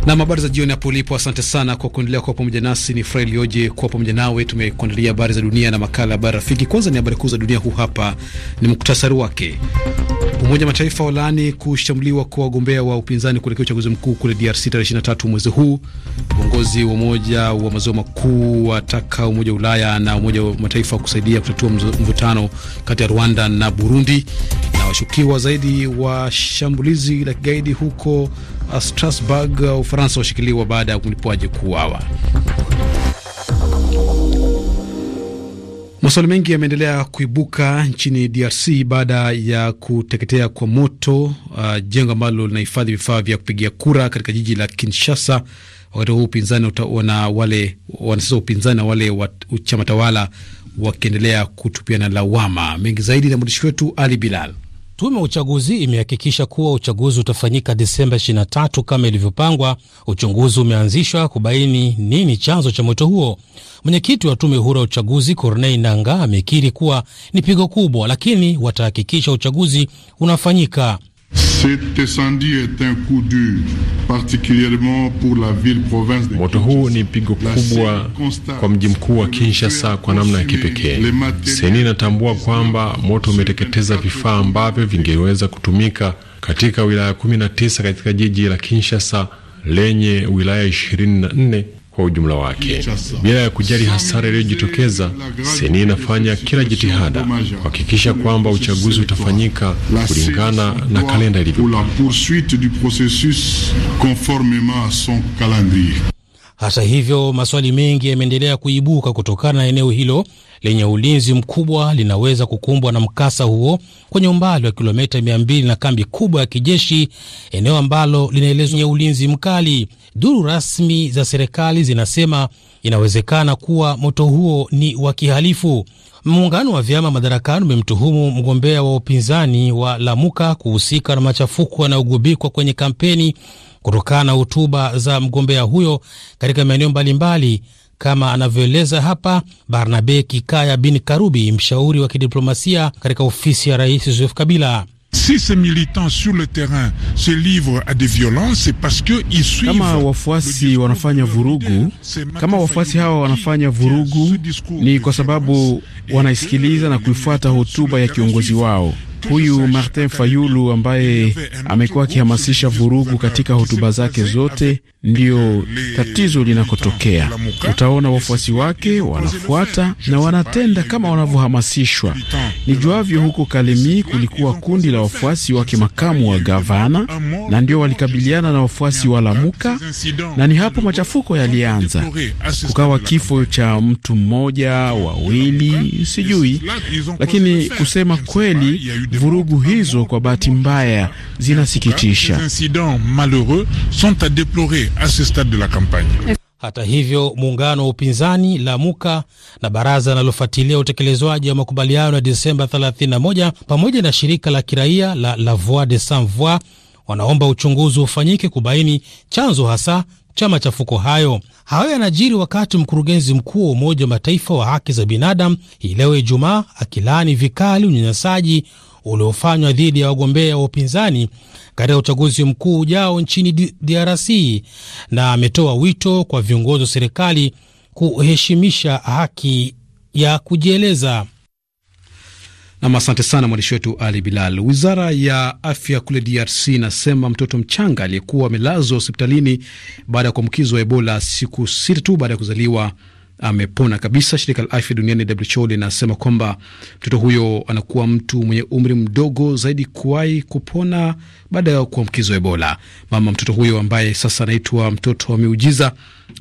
S1: nam, habari za jioni hapo ulipo. Asante sana kwa kuendelea kuwa pamoja nasi. Ni furaha iliyoje kuwa pamoja nawe. Tumekuandalia habari za dunia na makala ya habari rafiki. Kwanza ni habari kuu za dunia, huu hapa ni muktasari wake. Umoja Mataifa walaani kushambuliwa kwa wagombea wa upinzani kuelekea uchaguzi mkuu kule DRC tarehe 23 mwezi huu. Uongozi wa Umoja wa Maziwa Makuu wataka Umoja wa Ulaya na Umoja wa Mataifa kusaidia kutatua mvutano kati ya Rwanda na Burundi. Na washukiwa zaidi wa shambulizi la kigaidi huko Strasbourg, Ufaransa, washikiliwa baada ya mlipuaji kuuawa. Maswali mengi yameendelea kuibuka nchini DRC baada ya kuteketea kwa moto uh, jengo ambalo linahifadhi vifaa vya kupigia kura katika jiji la Kinshasa. Wakati huu upinzani na wale wanasiasa upinzani na wale chama tawala wakiendelea kutupiana lawama mengi zaidi, na mwandishi wetu Ali Bilal. Tume ya uchaguzi imehakikisha
S3: kuwa uchaguzi utafanyika Desemba 23 kama ilivyopangwa. Uchunguzi umeanzishwa kubaini nini chanzo cha moto huo. Mwenyekiti wa tume huru ya uchaguzi Cornei Nanga amekiri kuwa ni pigo kubwa, lakini watahakikisha uchaguzi unafanyika.
S4: Moto huu ni pigo kubwa kwa mji mkuu wa Kinshasa kwa namna ya kipekee. Seni inatambua kwamba moto umeteketeza vifaa ambavyo vingeweza kutumika katika wilaya 19 katika jiji la Kinshasa lenye wilaya 24 kwa ujumla wake. Bila ya kujali hasara iliyojitokeza, seni inafanya kila jitihada kuhakikisha kwamba uchaguzi utafanyika kulingana na kalenda ilivyo.
S3: Hata hivyo, maswali mengi yameendelea kuibuka kutokana na eneo hilo lenye ulinzi mkubwa linaweza kukumbwa na mkasa huo kwenye umbali wa kilomita 200 na kambi kubwa ya kijeshi, eneo ambalo linaelezwa lenye ulinzi mkali. Duru rasmi za serikali zinasema inawezekana kuwa moto huo ni wa kihalifu. Muungano wa vyama madarakani umemtuhumu mgombea wa upinzani wa Lamuka kuhusika na machafuko yanayogubikwa kwenye kampeni kutokana na hotuba za mgombea huyo katika maeneo mbalimbali kama anavyoeleza hapa Barnabe Kikaya bin Karubi, mshauri wa kidiplomasia katika ofisi ya Rais Joseph Kabila. Si ces militants
S5: sur le terrain se livrent des violences, c'est parce que ils suivent. Kama wafuasi wanafanya vurugu, kama wafuasi hawa wanafanya vurugu ni kwa sababu wanaisikiliza na kuifuata hotuba ya kiongozi wao. Huyu Martin Fayulu ambaye amekuwa akihamasisha vurugu katika hotuba zake zote Ndiyo tatizo linakotokea. Utaona wafuasi wake wanafuata na wanatenda kama wanavyohamasishwa. Nijuavyo, huko Kalemi kulikuwa kundi la wafuasi wake makamu wa gavana, na ndio walikabiliana na wafuasi wa Lamuka, na ni hapo machafuko yalianza. Kukawa kifo cha mtu mmoja, wawili, sijui. Lakini kusema kweli, vurugu hizo kwa bahati mbaya zinasikitisha ce stade de la campagne.
S3: Hata hivyo muungano wa upinzani Lamuka na baraza linalofuatilia utekelezwaji wa makubaliano ya Desemba 31 pamoja na shirika la kiraia la La Voix des Sans Voix wanaomba uchunguzi ufanyike kubaini chanzo hasa cha machafuko hayo. Hayo yanajiri wakati mkurugenzi mkuu wa Umoja wa Mataifa wa haki za binadamu hii leo Ijumaa akilaani vikali unyanyasaji uliofanywa dhidi ya wagombea wa upinzani katika uchaguzi mkuu ujao nchini DRC na ametoa wito kwa viongozi wa serikali kuheshimisha haki ya kujieleza.
S1: Nam, asante sana mwandishi wetu Ali Bilal. Wizara ya afya kule DRC inasema mtoto mchanga aliyekuwa amelazwa hospitalini baada ya kuambukizwa Ebola siku sita tu baada ya kuzaliwa amepona kabisa. Shirika la afya duniani WHO linasema kwamba mtoto huyo anakuwa mtu mwenye umri mdogo zaidi kuwahi kupona baada ya kuambukizwa Ebola. Mama mtoto huyo ambaye sasa anaitwa mtoto wa miujiza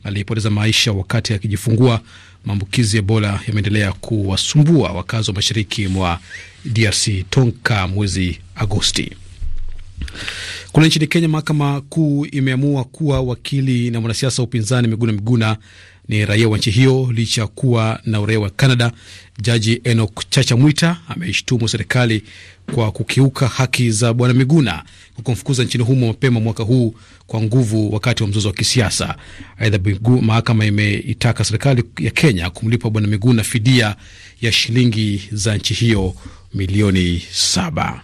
S1: aliyepoteza maisha wakati akijifungua. Maambukizi ya Ebola yameendelea kuwasumbua wakazi wa mashariki mwa DRC tonka mwezi Agosti. Kule nchini Kenya, mahakama kuu imeamua kuwa wakili na mwanasiasa wa upinzani Miguna Miguna ni raia wa nchi hiyo licha ya kuwa na uraia wa Canada. Jaji enok Chacha Mwita ameishtumu serikali kwa kukiuka haki za Bwana Miguna kwa kumfukuza nchini humo mapema mwaka huu kwa nguvu wakati wa mzozo wa kisiasa. Aidha, mahakama imeitaka serikali ya Kenya kumlipa Bwana Miguna fidia ya shilingi za nchi hiyo milioni saba.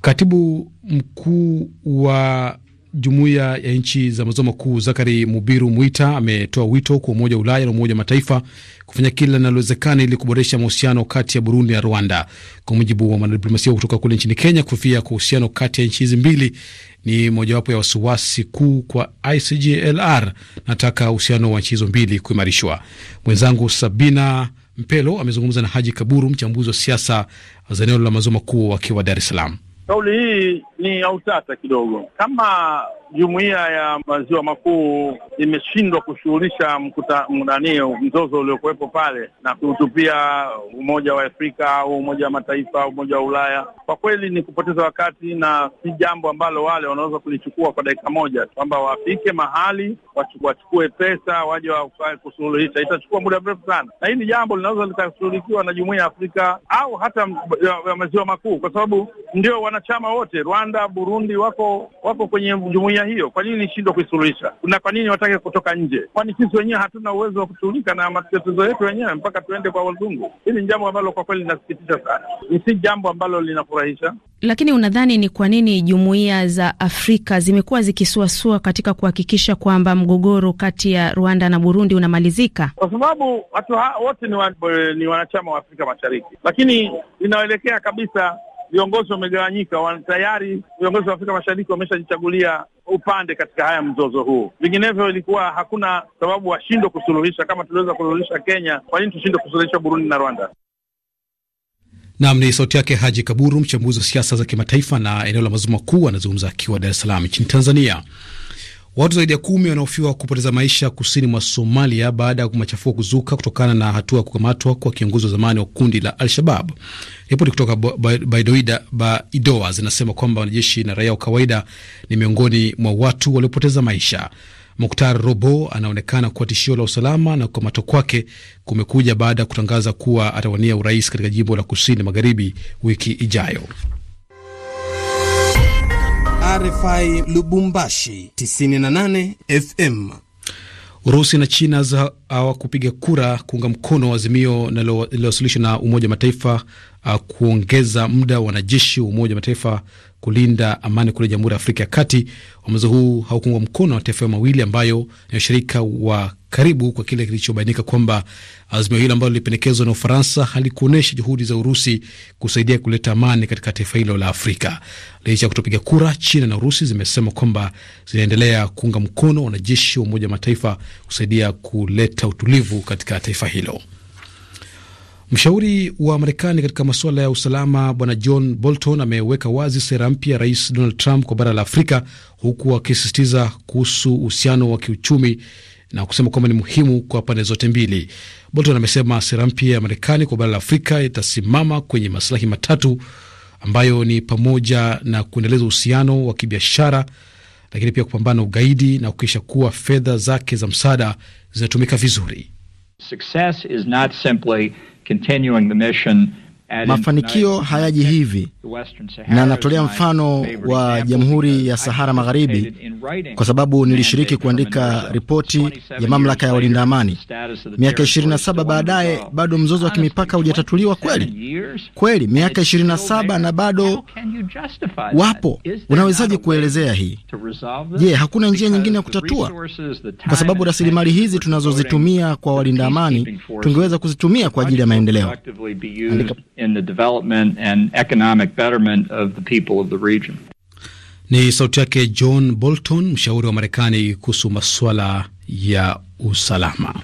S1: Katibu mkuu wa jumuiya ya nchi za mazoo makuu Zakari Mubiru Mwita ametoa wito kwa Umoja wa Ulaya na Umoja wa Mataifa kufanya kila linalowezekana ili kuboresha mahusiano kati ya Burundi na Rwanda. Kwa mujibu wa mwanadiplomasia kutoka kule nchini Kenya, kufia kwa uhusiano kati ya nchi hizi mbili ni mojawapo ya wasiwasi kuu kwa ICJLR. Nataka uhusiano wa nchi hizo mbili kuimarishwa. Mwenzangu Sabina Mpelo amezungumza na Haji Kaburu, mchambuzi wa siasa za eneo la mazoo makuu, akiwa Dar es Salaam
S6: kauli hii ni ya utata kidogo. Kama jumuiya ya maziwa makuu imeshindwa kushughulisha mkutanani mzozo uliokuwepo pale na kuhutupia Umoja wa Afrika au Umoja wa Mataifa au Umoja wa Ulaya, kwa kweli ni kupoteza wakati na si jambo ambalo wale wanaweza kulichukua kwa dakika moja, kwamba wafike mahali wachukue pesa waje kusuluhisha. Itachukua muda mrefu sana, na hii ni jambo linaweza likashughulikiwa na jumuiya ya Afrika au hata ya maziwa makuu, kwa sababu ndio wanachama wote Rwanda, Burundi wako wako kwenye jumuiya Dunia hiyo kwa nini nishindwa kuisuluhisha? Na kwa nini watake kutoka nje? Kwani sisi wenyewe hatuna uwezo wa kushughulika na matatizo yetu wenyewe mpaka tuende kwa wazungu? Hili ni jambo ambalo kwa kweli linasikitisha sana, ni si jambo ambalo linafurahisha.
S2: Lakini unadhani ni kwa nini jumuiya za Afrika zimekuwa zikisuasua katika kuhakikisha kwamba mgogoro kati ya Rwanda na Burundi unamalizika?
S6: Kwa sababu watu wote ni, wa, ni wanachama wa Afrika Mashariki, lakini inaelekea kabisa viongozi wamegawanyika. Tayari viongozi wa Afrika Mashariki wameshajichagulia upande katika haya mzozo huu. Vinginevyo ilikuwa hakuna sababu washindwe kusuluhisha. Kama tuliweza kusuluhisha Kenya, kwa nini tushindwe kusuluhisha Burundi na Rwanda?
S1: Nam ni sauti yake Haji Kaburu, mchambuzi wa siasa za kimataifa na eneo la maziwa makuu, anazungumza akiwa Dar es Salaam nchini Tanzania. Watu zaidi ya kumi wanaofiwa kupoteza maisha kusini mwa Somalia baada ya machafuko kuzuka kutokana na hatua ya kukamatwa kwa kiongozi wa zamani wa kundi la Al-Shabab. Ripoti kutoka Baidoa ba zinasema kwamba wanajeshi na raia wa kawaida ni miongoni mwa watu waliopoteza maisha. Muktar Robo anaonekana kuwa tishio la usalama na kukamatwa kwake kumekuja baada ya kutangaza kuwa atawania urais katika jimbo la kusini magharibi wiki ijayo. RFI Lubumbashi 98 FM. Urusi na China hawakupiga kura kuunga mkono azimio lililowasilishwa na Umoja wa Mataifa uh, kuongeza muda wa wanajeshi wa Umoja wa Mataifa kulinda amani kule Jamhuri ya Afrika ya Kati. Uamuzi huu haukuungwa mkono na mataifa mawili ambayo ni washirika wa karibu kwa kile kilichobainika kwamba azimio hilo ambalo lilipendekezwa na Ufaransa halikuonyesha juhudi za Urusi kusaidia kuleta amani katika taifa hilo la Afrika. Licha ya kutopiga kura, China na Urusi zimesema kwamba zinaendelea kuunga mkono wanajeshi wa Umoja wa Mataifa kusaidia kuleta utulivu katika taifa hilo. Mshauri wa Marekani katika masuala ya usalama Bwana John Bolton ameweka wazi sera mpya Rais Donald Trump kwa bara la Afrika, huku akisisitiza kuhusu uhusiano wa kiuchumi na kusema kwamba ni muhimu kwa pande zote mbili. Bolton amesema sera mpya ya Marekani kwa bara la Afrika itasimama kwenye masilahi matatu ambayo ni pamoja na kuendeleza uhusiano wa kibiashara, lakini pia kupambana ugaidi na kuhakikisha kuwa fedha zake za msaada zinatumika vizuri.
S7: Success is not simply continuing the mission Mafanikio
S10: hayaji hivi, na natolea mfano wa Jamhuri ya Sahara Magharibi kwa sababu nilishiriki kuandika ripoti ya mamlaka ya walinda amani. Miaka 27 baadaye bado mzozo wa kimipaka hujatatuliwa kweli? Kweli, miaka 27 na bado wapo. Unawezaje kuelezea hii? Je, hakuna njia nyingine ya kutatua? Kwa sababu rasilimali hizi tunazozitumia kwa walinda amani tungeweza kuzitumia kwa ajili ya maendeleo.
S7: Andika in the development and economic betterment of the people of the region.
S1: Ni sauti yake John Bolton, mshauri wa Marekani kuhusu masuala ya usalama.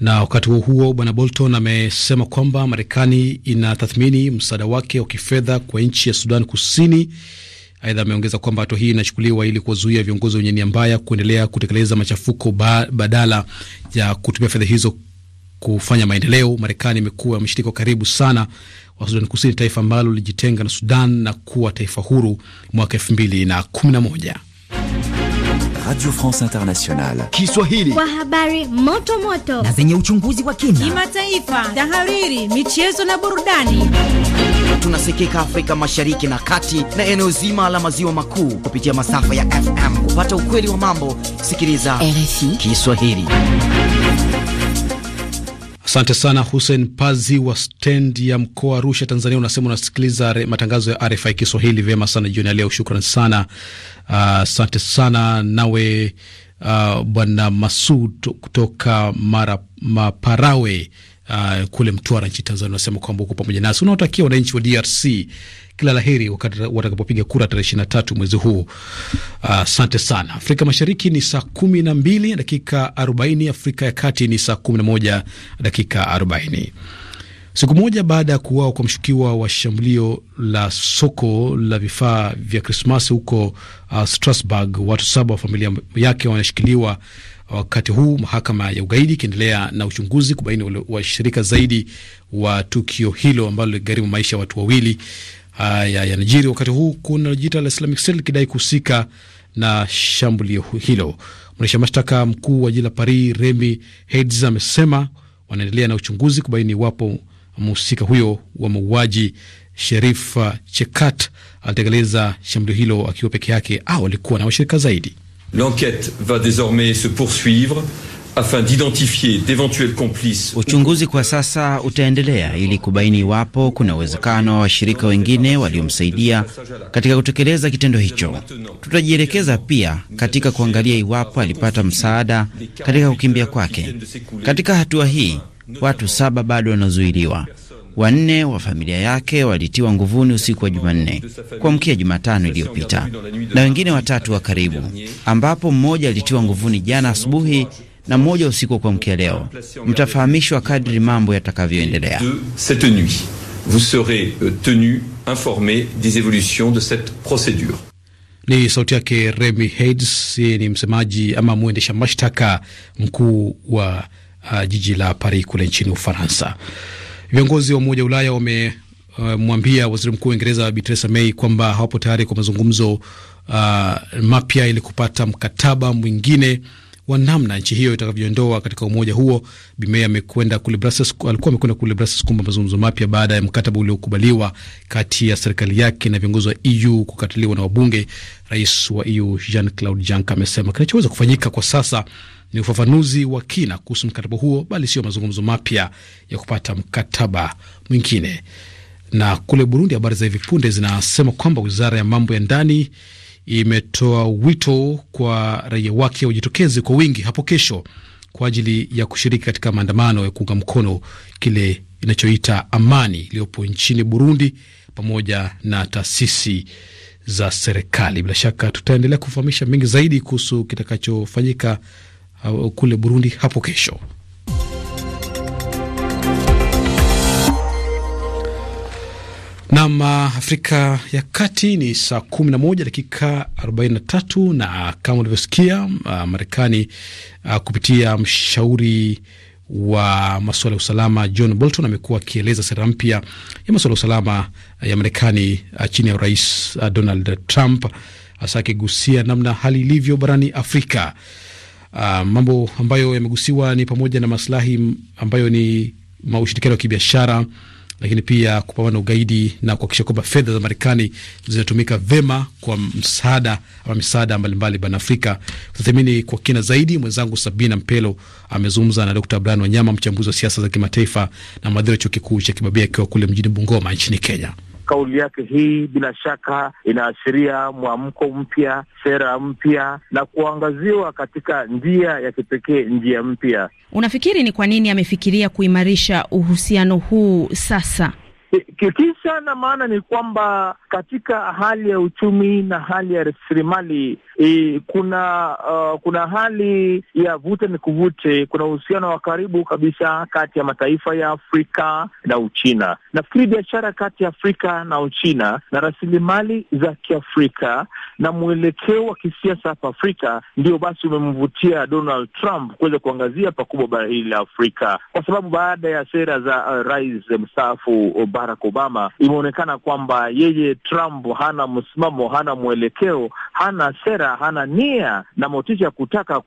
S1: Na wakati huo huo, bwana Bolton amesema kwamba Marekani inatathmini msaada wake wa kifedha kwa nchi ya Sudan Kusini. Aidha, ameongeza kwamba hatua hii inachukuliwa ili kuwazuia viongozi wenye nia mbaya kuendelea kutekeleza machafuko ba badala ya kutumia fedha hizo kufanya maendeleo. Marekani imekuwa mshirika karibu sana wa Sudani Kusini, taifa ambalo lilijitenga na Sudan na kuwa taifa huru mwaka elfu mbili na kumi na moja. Radio France
S9: Internationale Kiswahili kwa
S2: habari moto moto na
S9: zenye uchunguzi wa kina,
S2: kimataifa, tahariri, michezo na burudani.
S9: Tunasikika Afrika Mashariki na Kati na eneo zima la maziwa makuu kupitia masafa ya FM. Kupata ukweli wa mambo, sikiliza RFI
S1: Kiswahili. Asante sana Hussein Pazi wa stendi ya mkoa wa Arusha, Tanzania, unasema unasikiliza matangazo ya RFI Kiswahili vyema sana jioni ya leo. Shukran sana, ah, asante uh, sana nawe uh, bwana Masud kutoka Mara Maparawe uh, kule Mtwara nchini Tanzania, unasema kwamba uko pamoja nasi. Unaotakia wananchi wa DRC kila la heri watakapopiga kura tarehe ishirini tatu mwezi huu. Asante uh, sana. Afrika Mashariki ni saa kumi na mbili dakika arobaini Afrika ya Kati ni saa kumi na moja dakika arobaini Siku moja baada ya kuuawa kwa mshukiwa wa shambulio la soko la vifaa vya Krismasi huko uh, Strasbourg, watu saba wa familia yake wanashikiliwa wakati huu mahakama ya ugaidi ikiendelea na uchunguzi kubaini washirika zaidi wa tukio hilo ambalo liligharimu maisha ya watu wawili haya yanajiri wakati huu kuna jita la Islamic State likidai kuhusika na shambulio hilo. Mwendesha mashtaka mkuu wa jiji la Paris Remi Heitz amesema wanaendelea na uchunguzi kubaini iwapo mhusika huyo wa mauaji Sherif Chekat alitekeleza shambulio hilo akiwa peke yake au alikuwa na washirika zaidi.
S8: L'enquête va désormais se poursuivre afin d'identifier d'éventuels complices. Uchunguzi
S9: kwa sasa utaendelea ili kubaini iwapo kuna uwezekano wa washirika wengine waliomsaidia katika kutekeleza kitendo hicho. Tutajielekeza pia katika kuangalia iwapo alipata msaada katika kukimbia kwake. Katika hatua hii, watu saba bado wanazuiliwa. Wanne wa familia yake walitiwa nguvuni usiku wa Jumanne kuamkia Jumatano iliyopita na wengine watatu wa karibu, ambapo mmoja alitiwa nguvuni jana asubuhi na moja usiku wa kuamkia leo. Mtafahamishwa kadri mambo yatakavyoendelea.
S8: Vous serez euh, tenu informé des evolutions de cette procedure.
S1: Ni sauti yake Remy Heitz, ni msemaji ama mwendesha mashtaka mkuu wa uh, jiji la Paris kule nchini Ufaransa. Viongozi wa Umoja wa Ulaya wamemwambia uh, waziri mkuu wa Uingereza Bi Theresa May kwamba hawapo tayari kwa mazungumzo uh, mapya ili kupata mkataba mwingine wa namna nchi hiyo itakavyoondoa katika umoja huo. Bimei amekwenda kule Brussels, alikuwa amekwenda kule Brussels kumba mazungumzo mapya baada ya mkataba uliokubaliwa kati ya serikali yake na viongozi wa EU kukataliwa na wabunge. Rais wa EU Jean Claude Juncker amesema kinachoweza kufanyika kwa sasa ni ufafanuzi wa kina kuhusu mkataba huo, bali sio mazungumzo mapya ya kupata mkataba mwingine. Na kule Burundi, habari za hivi punde zinasema kwamba wizara ya mambo ya ndani imetoa wito kwa raia wake wajitokeze kwa wingi hapo kesho kwa ajili ya kushiriki katika maandamano ya kuunga mkono kile inachoita amani iliyopo nchini Burundi pamoja na taasisi za serikali. Bila shaka tutaendelea kufahamisha mengi zaidi kuhusu kitakachofanyika uh, kule Burundi hapo kesho. Nam uh, Afrika ya Kati ni saa moja dakika 43, na kama ulivyosikia uh, Marekani uh, kupitia mshauri wa masuala ya usalama John Bolton amekuwa akieleza sera mpya ya masuala ya usalama ya Marekani chini ya Rais Donald Trump, hasa akigusia namna hali ilivyo barani Afrika. Uh, mambo ambayo yamegusiwa ni pamoja na maslahi ambayo ni ushirikiano wa kibiashara lakini pia kupambana na ugaidi na kuhakikisha kwamba fedha za Marekani zinatumika vema kwa msaada ama misaada mbalimbali barani Afrika. Kutathimini kwa kina zaidi, mwenzangu Sabina Mpelo amezungumza na Dr. Brian Wanyama, mchambuzi wa siasa za kimataifa na mhadhiri wa chuo kikuu cha kibabia akiwa kule mjini Bungoma nchini Kenya.
S7: Kauli yake hii bila shaka inaashiria mwamko mpya, sera mpya na kuangaziwa katika njia ya kipekee, njia mpya.
S2: Unafikiri ni kwa nini amefikiria kuimarisha uhusiano huu sasa?
S7: Kikisha na maana ni kwamba katika hali ya uchumi na hali ya rasilimali e, kuna uh, kuna hali ya vute ni kuvute. Kuna uhusiano wa karibu kabisa kati ya mataifa ya Afrika na Uchina. Nafikiri biashara kati ya Afrika na Uchina na rasilimali za Kiafrika na mwelekeo wa kisiasa hapa Afrika ndio basi umemvutia Donald Trump kuweza kuangazia pakubwa bara hili la Afrika, kwa sababu baada ya sera za uh, rais mstaafu Barack Obama imeonekana kwamba yeye Trump hana msimamo, hana mwelekeo, hana sera hata hana nia na motisha ya kutaka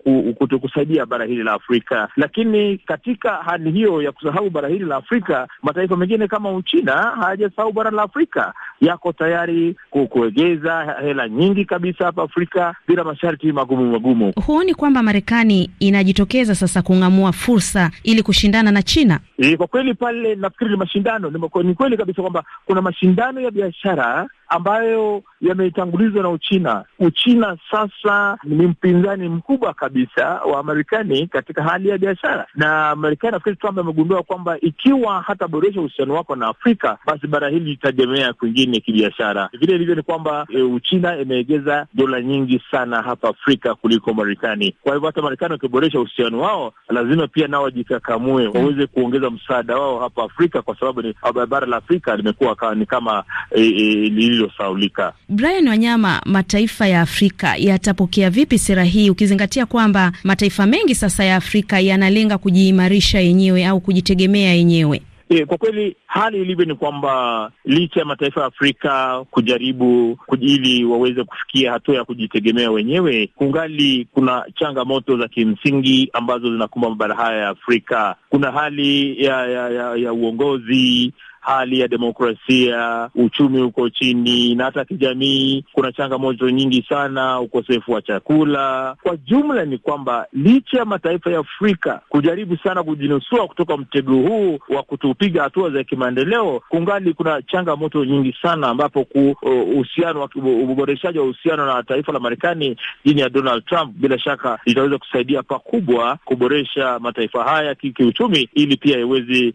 S7: kusaidia bara hili la Afrika. Lakini katika hali hiyo ya kusahau bara hili la Afrika, mataifa mengine kama Uchina hayajasahau bara la Afrika, yako tayari kuegeza hela nyingi kabisa hapa Afrika bila masharti magumu magumu.
S2: Huoni kwamba Marekani inajitokeza sasa kung'amua fursa ili kushindana na China?
S7: E, kwa kweli pale nafikiri ni mashindano. Ni kweli kabisa kwamba kuna mashindano ya biashara ambayo yameitangulizwa na Uchina. Uchina sasa ni mpinzani mkubwa kabisa wa Marekani katika hali ya biashara, na Marekani nafikiri Trump amegundua kwamba ikiwa hataboresha uhusiano wako na Afrika, basi bara hili litategemea kwingine kibiashara. Vile ilivyo ni kwamba e, Uchina imeegeza dola nyingi sana hapa Afrika kuliko Marekani. Kwa hivyo hata Marekani wakiboresha uhusiano wao, lazima pia nao wajikakamue, waweze kuongeza msaada wao hapa Afrika, kwa sababu ni bara la Afrika limekuwa ni kama e, e, iliyosaulika.
S2: Brian Wanyama, mataifa ya Afrika yatapokea vipi sera hii, ukizingatia kwamba mataifa mengi sasa ya Afrika yanalenga kujiimarisha yenyewe au kujitegemea yenyewe?
S7: E, kwa kweli hali ilivyo ni kwamba licha ya mataifa ya Afrika kujaribu ili waweze kufikia hatua ya kujitegemea wenyewe, kungali kuna changamoto za kimsingi ambazo zinakumba mabara haya ya Afrika. Kuna hali ya, ya, ya, ya uongozi, hali ya demokrasia, uchumi uko chini, na hata kijamii kuna changamoto nyingi sana, ukosefu wa chakula. Kwa jumla ni kwamba licha ya mataifa ya Afrika kujaribu sana kujinusua kutoka mtego huu wa kutupiga hatua za kimaendeleo, kungali kuna changamoto nyingi sana, ambapo uhusiano, uboreshaji wa uhusiano na taifa la Marekani chini ya Donald Trump bila shaka litaweza kusaidia pakubwa kuboresha mataifa haya kiuchumi, ili pia iweze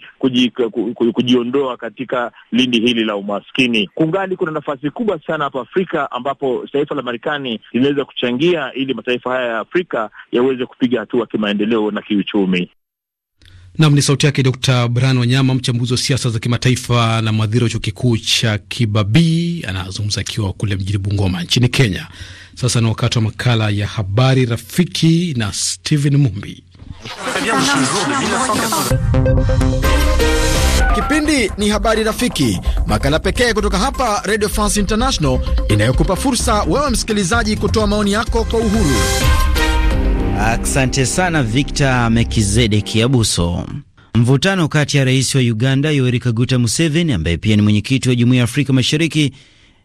S7: kujiondoa katika lindi hili la umaskini. Kungali kuna nafasi kubwa sana hapa Afrika ambapo taifa la Marekani linaweza kuchangia ili mataifa haya ya Afrika yaweze kupiga hatua kimaendeleo na kiuchumi.
S1: Nam ni sauti yake Dr Brian Wanyama, mchambuzi wa siasa za kimataifa na mwadhiri wa chuo kikuu cha Kibabii, anazungumza akiwa kule mjini Bungoma nchini Kenya. Sasa ni wakati wa makala ya habari rafiki na Steven
S10: Mumbi. Kipindi ni Habari Rafiki, makala pekee kutoka hapa Radio France International inayokupa fursa wewe msikilizaji kutoa maoni yako kwa uhuru.
S9: Asante sana Victor Mekizedeki Abuso. Mvutano kati ya rais wa Uganda Yoweri Kaguta Museveni ambaye pia ni mwenyekiti wa Jumuiya ya Afrika Mashariki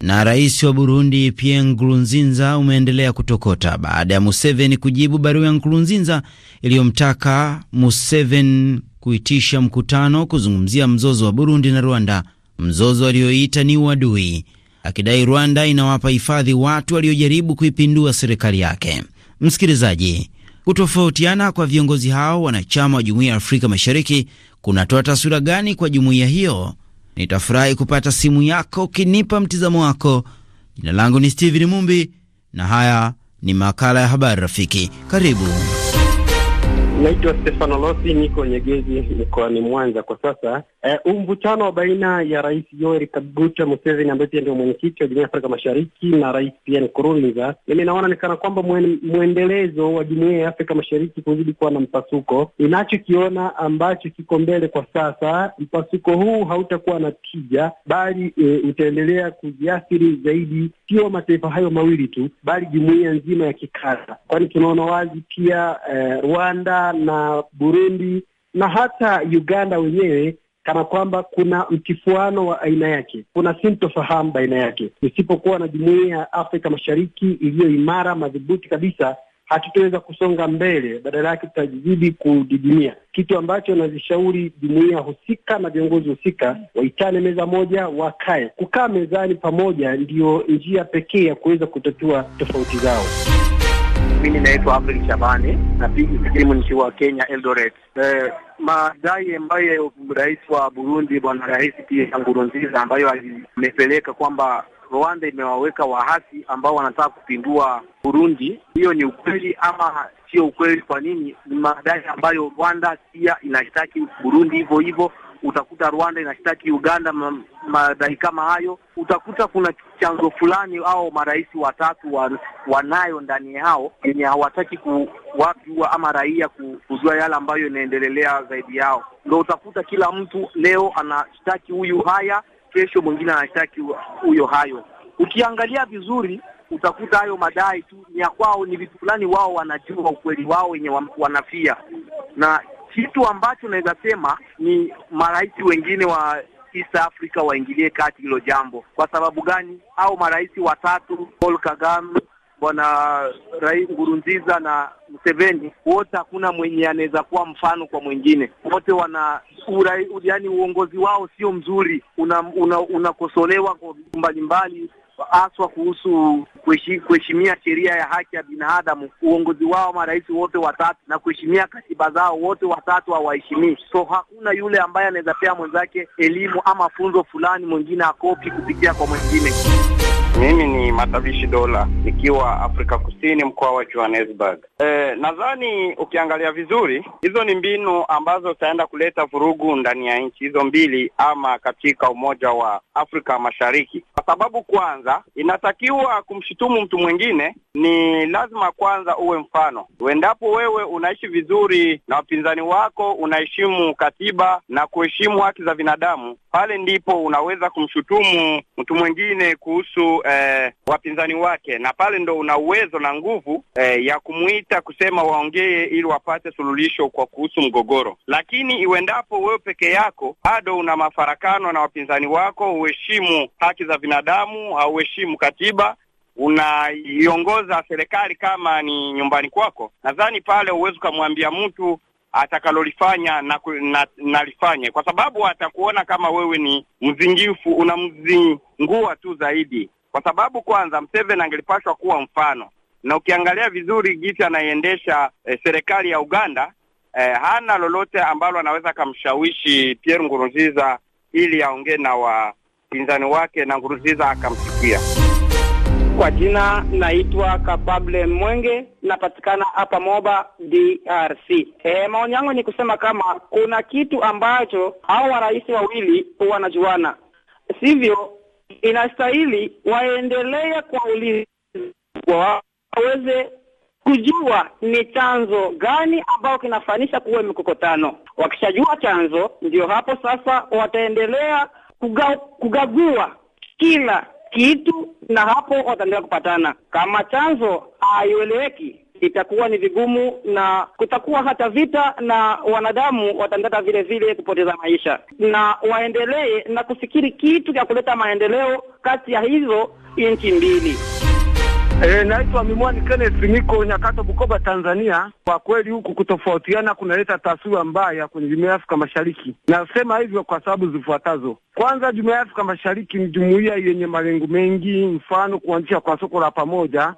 S9: na rais wa Burundi Pierre Nkurunziza umeendelea kutokota baada ya Museveni kujibu barua ya Nkurunziza iliyomtaka Museveni kuitisha mkutano kuzungumzia mzozo wa Burundi na Rwanda, mzozo aliyoita ni uadui, akidai Rwanda inawapa hifadhi watu waliojaribu kuipindua serikali yake. Msikilizaji, kutofautiana kwa viongozi hao wanachama wa jumuiya ya Afrika Mashariki kunatoa taswira gani kwa jumuiya hiyo? Nitafurahi kupata simu yako ukinipa mtizamo wako. Jina langu ni Steven Mumbi na haya ni makala ya habari rafiki. Karibu.
S13: Naitwa Stefano Losi, niko Nyegezi mkoani Mwanza kwa sasa. Huu eh, e, mvutano wa baina ya Rais Yoweri Kaguta Museveni ambaye pia ndio mwenyekiti wa Jumuiya ya Afrika Mashariki na Rais Pierre Nkurunziza, mimi naona ni kana kwamba mwendelezo wa Jumuiya ya Afrika Mashariki kuzidi kuwa na mpasuko. inachokiona ambacho kiko mbele kwa sasa, mpasuko huu hautakuwa na tija, bali e, utaendelea kuziathiri zaidi sio mataifa hayo mawili tu, bali jumuiya nzima ya kikanda, kwani tunaona wazi pia e, Rwanda na Burundi na hata Uganda wenyewe kana kwamba kuna mtifuano wa aina yake, kuna sintofahamu baina yake. Isipokuwa na jumuiya ya Afrika Mashariki iliyo imara madhubuti kabisa, hatutaweza kusonga mbele, badala yake tutazidi kudidimia, kitu ambacho nazishauri jumuiya husika na viongozi husika waitane meza moja, wakae. Kukaa mezani pamoja ndiyo njia
S14: pekee ya kuweza kutatua tofauti zao. Mimi naitwa Abdul Shabani, napiga simu nikiwa Kenya, Eldoret. Eh, madai ambayo rais wa Burundi bwana rais Pierre Nkurunziza ambayo amepeleka kwamba Rwanda imewaweka waasi ambao wanataka kupindua Burundi, hiyo ni ukweli ama sio ukweli? Kwa nini? Ni madai ambayo Rwanda pia inashtaki Burundi hivyo hivyo Utakuta Rwanda inashtaki Uganda madai kama hayo. Utakuta kuna chanzo fulani au marais watatu wan, wanayo ndani yao yenye hawataki ku ama raia kujua yale ambayo inaendelea zaidi yao. Ndio utakuta kila mtu leo anashtaki huyu haya, kesho mwingine anashtaki huyo hayo. Ukiangalia vizuri utakuta hayo madai tu ni ya kwao, ni vitu fulani wao wanajua ukweli wao wenye wanafia na kitu ambacho naweza sema ni marais wengine wa East Africa waingilie kati hilo jambo. Kwa sababu gani? Au marais watatu Paul Kagame, bwana rais Ngurunziza na Museveni, wote hakuna mwenye anaweza kuwa mfano kwa mwingine. Wote wana urai, yani uongozi wao sio mzuri, unakosolewa una, una kwa vitu mbalimbali haswa kuhusu kuheshimia sheria ya haki ya binadamu. Uongozi wao marais wote watatu na kuheshimia katiba zao wote watatu hawaheshimii, so hakuna yule ambaye anaweza pea mwenzake elimu ama funzo fulani, mwingine akopi kupitia kwa mwingine.
S15: Mimi ni matabishi Dola nikiwa Afrika Kusini, mkoa wa Johannesburg. E, nadhani ukiangalia vizuri hizo ni mbinu ambazo zitaenda kuleta vurugu ndani ya nchi hizo mbili ama katika Umoja wa Afrika Mashariki, kwa sababu kwanza inatakiwa kumshutumu mtu mwingine, ni lazima kwanza uwe mfano. Uendapo wewe unaishi vizuri na wapinzani wako, unaheshimu katiba na kuheshimu haki za binadamu pale ndipo unaweza kumshutumu mtu mwingine kuhusu eh, wapinzani wake, na pale ndo una uwezo na nguvu eh, ya kumwita kusema waongee ili wapate suluhisho kwa kuhusu mgogoro. Lakini iwendapo wewe peke yako bado una mafarakano na wapinzani wako, huheshimu haki za binadamu, hauheshimu katiba unaiongoza serikali kama ni nyumbani kwako, nadhani pale huwezi ukamwambia mtu atakalolifanya na, na, na kwa sababu atakuona kama wewe ni mzingifu, unamzingua tu zaidi, kwa sababu kwanza Mseveni angelipashwa kuwa mfano, na ukiangalia vizuri jinsi anaiendesha eh, serikali ya Uganda eh, hana lolote ambalo anaweza akamshawishi Pierre Nkurunziza ili aongee na wapinzani wake na Nkurunziza akamsikia.
S14: Kwa jina naitwa kapable Mwenge, napatikana hapa Moba, DRC. E, maoni yangu ni kusema kama kuna kitu ambacho hao marais wawili wanajuana, sivyo? Inastahili waendelee kwa waweze kujua ni chanzo gani ambao kinafanisha kuwe mikokotano. Wakishajua chanzo, ndio hapo sasa wataendelea kuga, kugagua kila kitu na hapo wataendelea kupatana. Kama chanzo haieleweki, itakuwa ni vigumu na kutakuwa hata vita, na wanadamu wataendelea vile vile kupoteza maisha, na waendelee na kufikiri kitu cha kuleta maendeleo kati ya hizo nchi mbili. E, naitwa Mimwani Kenneth, niko Nyakato, Bukoba, Tanzania. Kwa kweli
S13: huku kutofautiana kunaleta taswira mbaya kwenye jumuiya ya Afrika Mashariki. Nasema hivyo kwa sababu zifuatazo. Kwanza, jumuiya ya Afrika Mashariki ni jumuiya yenye malengo mengi, mfano kuanzisha kwa soko la pamoja,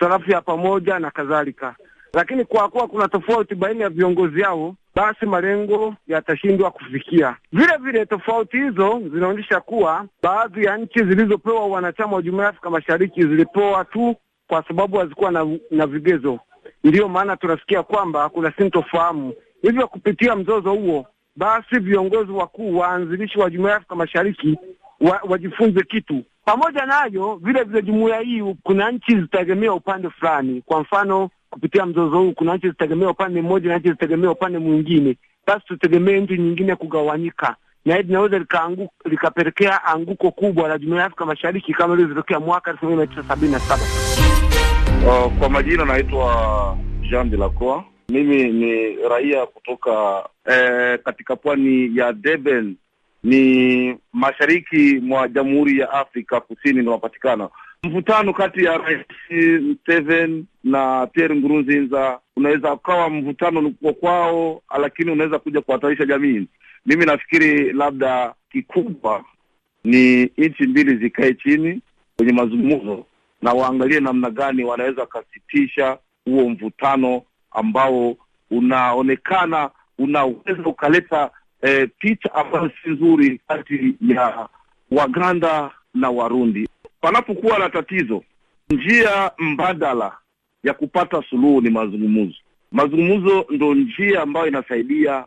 S13: sarafu ya pamoja na kadhalika, lakini kwa kuwa kuna tofauti baina ya viongozi yao basi malengo yatashindwa kufikia. Vile vile, tofauti hizo zinaonyesha kuwa baadhi ya nchi zilizopewa wanachama wa Jumuiya ya Afrika Mashariki zilipewa tu kwa sababu hazikuwa na, na vigezo. Ndiyo maana tunasikia kwamba kuna sintofahamu. Hivyo, kupitia mzozo huo, basi viongozi wakuu waanzilishi wa Jumuiya ya Afrika Mashariki wa, wajifunze kitu. Pamoja na vile vile jumuiya hii, kuna nchi zitegemea upande fulani, kwa mfano kupitia mzozo huu, kuna nchi zitegemea upande mmoja na nchi zitegemea upande mwingine, basi tutegemee nchi nyingine kugawanyika, na hili linaweza likapelekea anguko kubwa la jumuiya ya Afrika Mashariki kama ilivyotokea mwaka elfu moja mia tisa
S6: sabini na saba. Uh, kwa majina naitwa Jean de Lacoa. Mimi ni raia kutoka eh, katika pwani ya Deben
S8: ni mashariki mwa Jamhuri ya Afrika Kusini inayopatikana Mvutano kati ya Rais Museveni na Pierre Nkurunziza unaweza ukawa mvutano ulikuwa kwao, lakini unaweza kuja kuhatarisha jamii. Mimi nafikiri labda kikubwa ni nchi mbili zikae chini kwenye mazungumzo na waangalie namna gani wanaweza wakasitisha huo mvutano ambao unaonekana unaweza ukaleta eh, picha ambayo si nzuri kati ya Waganda na Warundi panapokuwa na tatizo, njia mbadala ya kupata suluhu ni mazungumzo. Mazungumzo ndo njia ambayo inasaidia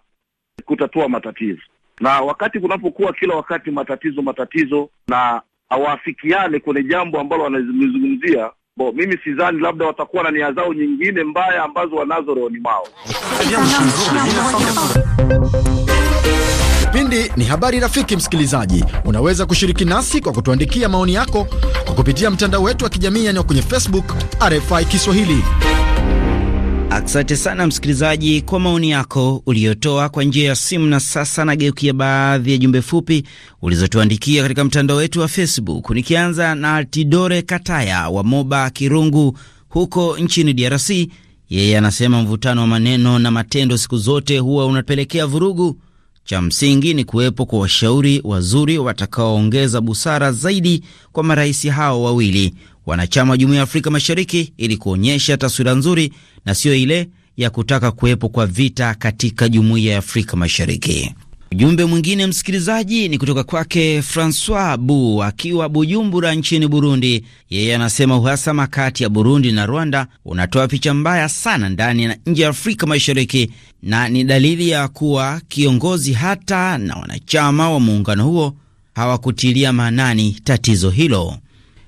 S8: kutatua matatizo, na wakati kunapokuwa kila wakati matatizo matatizo, na hawaafikiane kwenye jambo ambalo wanalizungumzia, mimi sidhani labda watakuwa na nia zao nyingine mbaya ambazo wanazo rohoni mwao.
S10: Kipindi ni habari rafiki. Msikilizaji, unaweza kushiriki nasi kwa kutuandikia maoni yako kwa kupitia mtandao wetu wa kijamii yaani kwenye Facebook RFI Kiswahili.
S9: Asante sana msikilizaji kwa maoni yako uliyotoa kwa njia ya simu. Na sasa nageukia baadhi ya jumbe fupi ulizotuandikia katika mtandao wetu wa Facebook, nikianza na Tidore Kataya wa Moba Kirungu huko nchini DRC. Yeye anasema mvutano wa maneno na matendo siku zote huwa unapelekea vurugu. Cha msingi ni kuwepo kwa washauri wazuri watakaoongeza busara zaidi kwa marais hao wawili wanachama wa Jumuiya ya Afrika Mashariki, ili kuonyesha taswira nzuri na siyo ile ya kutaka kuwepo kwa vita katika Jumuiya ya Afrika Mashariki. Ujumbe mwingine msikilizaji ni kutoka kwake Francois Bu akiwa Bujumbura nchini Burundi. Yeye anasema uhasama kati ya Burundi na Rwanda unatoa picha mbaya sana ndani na nje ya Afrika Mashariki, na ni dalili ya kuwa kiongozi hata na wanachama wa muungano huo hawakutilia maanani tatizo hilo.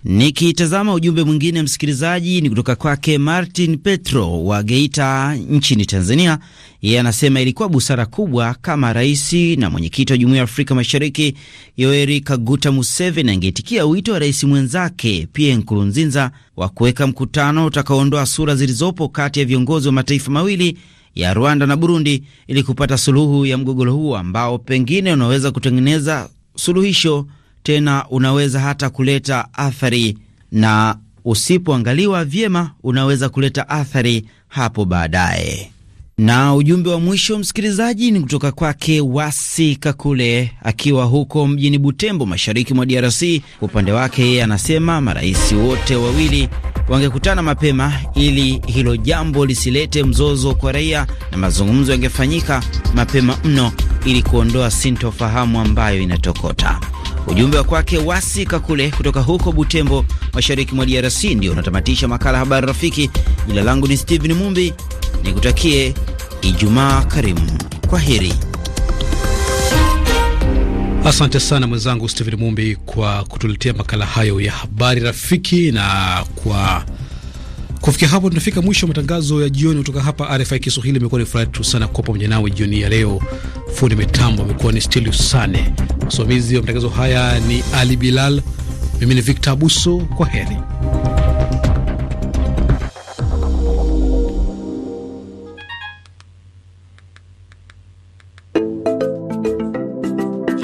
S9: Nikitazama ujumbe mwingine msikilizaji, ni kutoka kwake Martin Petro wa Geita nchini Tanzania. Yeye anasema ilikuwa busara kubwa kama rais na mwenyekiti wa jumuiya ya Afrika Mashariki Yoweri Kaguta Museveni angeitikia wito wa rais mwenzake Pierre Nkurunziza wa kuweka mkutano utakaoondoa sura zilizopo kati ya viongozi wa mataifa mawili ya Rwanda na Burundi ili kupata suluhu ya mgogoro huo ambao pengine unaweza kutengeneza suluhisho tena unaweza hata kuleta athari, na usipoangaliwa vyema unaweza kuleta athari hapo baadaye. Na ujumbe wa mwisho msikilizaji ni kutoka kwake Wasi Kakule akiwa huko mjini Butembo, mashariki mwa DRC. kwa Upande wake yeye anasema marais wote wawili wangekutana mapema ili hilo jambo lisilete mzozo kwa raia, na mazungumzo yangefanyika mapema mno ili kuondoa sintofahamu ambayo inatokota. Ujumbe wa kwake Wasi Kakule kutoka huko Butembo, mashariki mwa DRC ndio unatamatisha makala Habari Rafiki. Jina langu ni Steven Mumbi, nikutakie Ijumaa karimu. Kwa heri.
S1: Asante sana mwenzangu Steven Mumbi kwa kutuletea makala hayo ya Habari Rafiki na kwa Kufikia hapo tunafika mwisho wa matangazo ya jioni kutoka hapa RFI Kiswahili. Imekuwa ni furaha tu sana kuwa pamoja nawe jioni ya leo. Fundi mitambo amekuwa ni Stelius Sane, msimamizi wa matangazo haya ni Ali Bilal, mimi ni Victor Abuso. Kwa heri.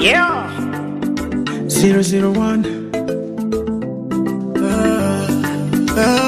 S9: Yeah. 001. Uh, uh.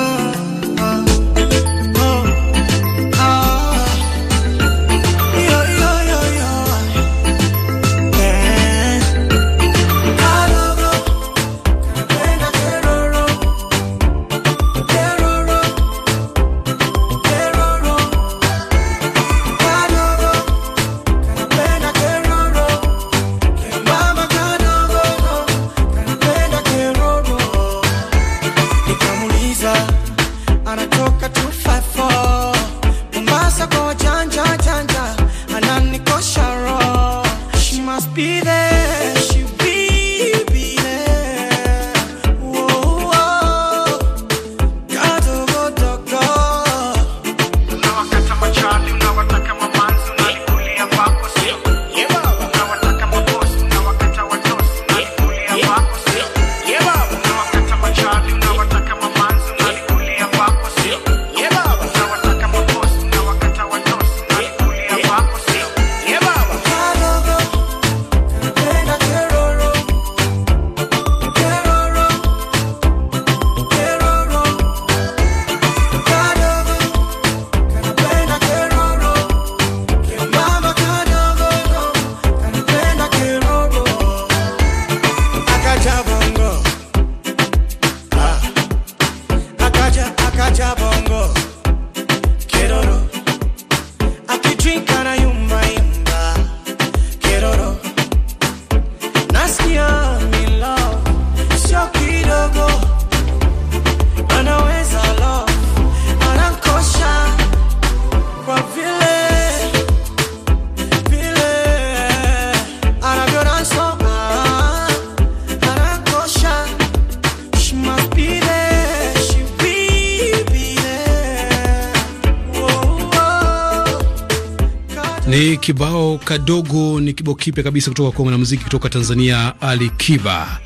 S1: kadogo ni kibao kipya kabisa kutoka kwa mwanamuziki kutoka Tanzania Ali Kiba.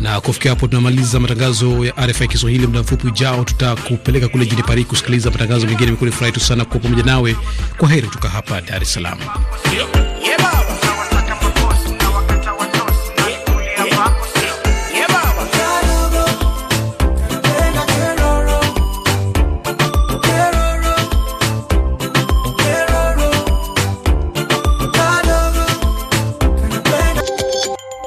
S1: Na kufikia hapo tunamaliza matangazo ya RFI Kiswahili. Muda mfupi ujao, tutakupeleka kule jijini Paris kusikiliza matangazo mengine. Imekuwa ni furaha sana kuwa pamoja nawe. Kwa heri kutoka hapa Dar es Salaam.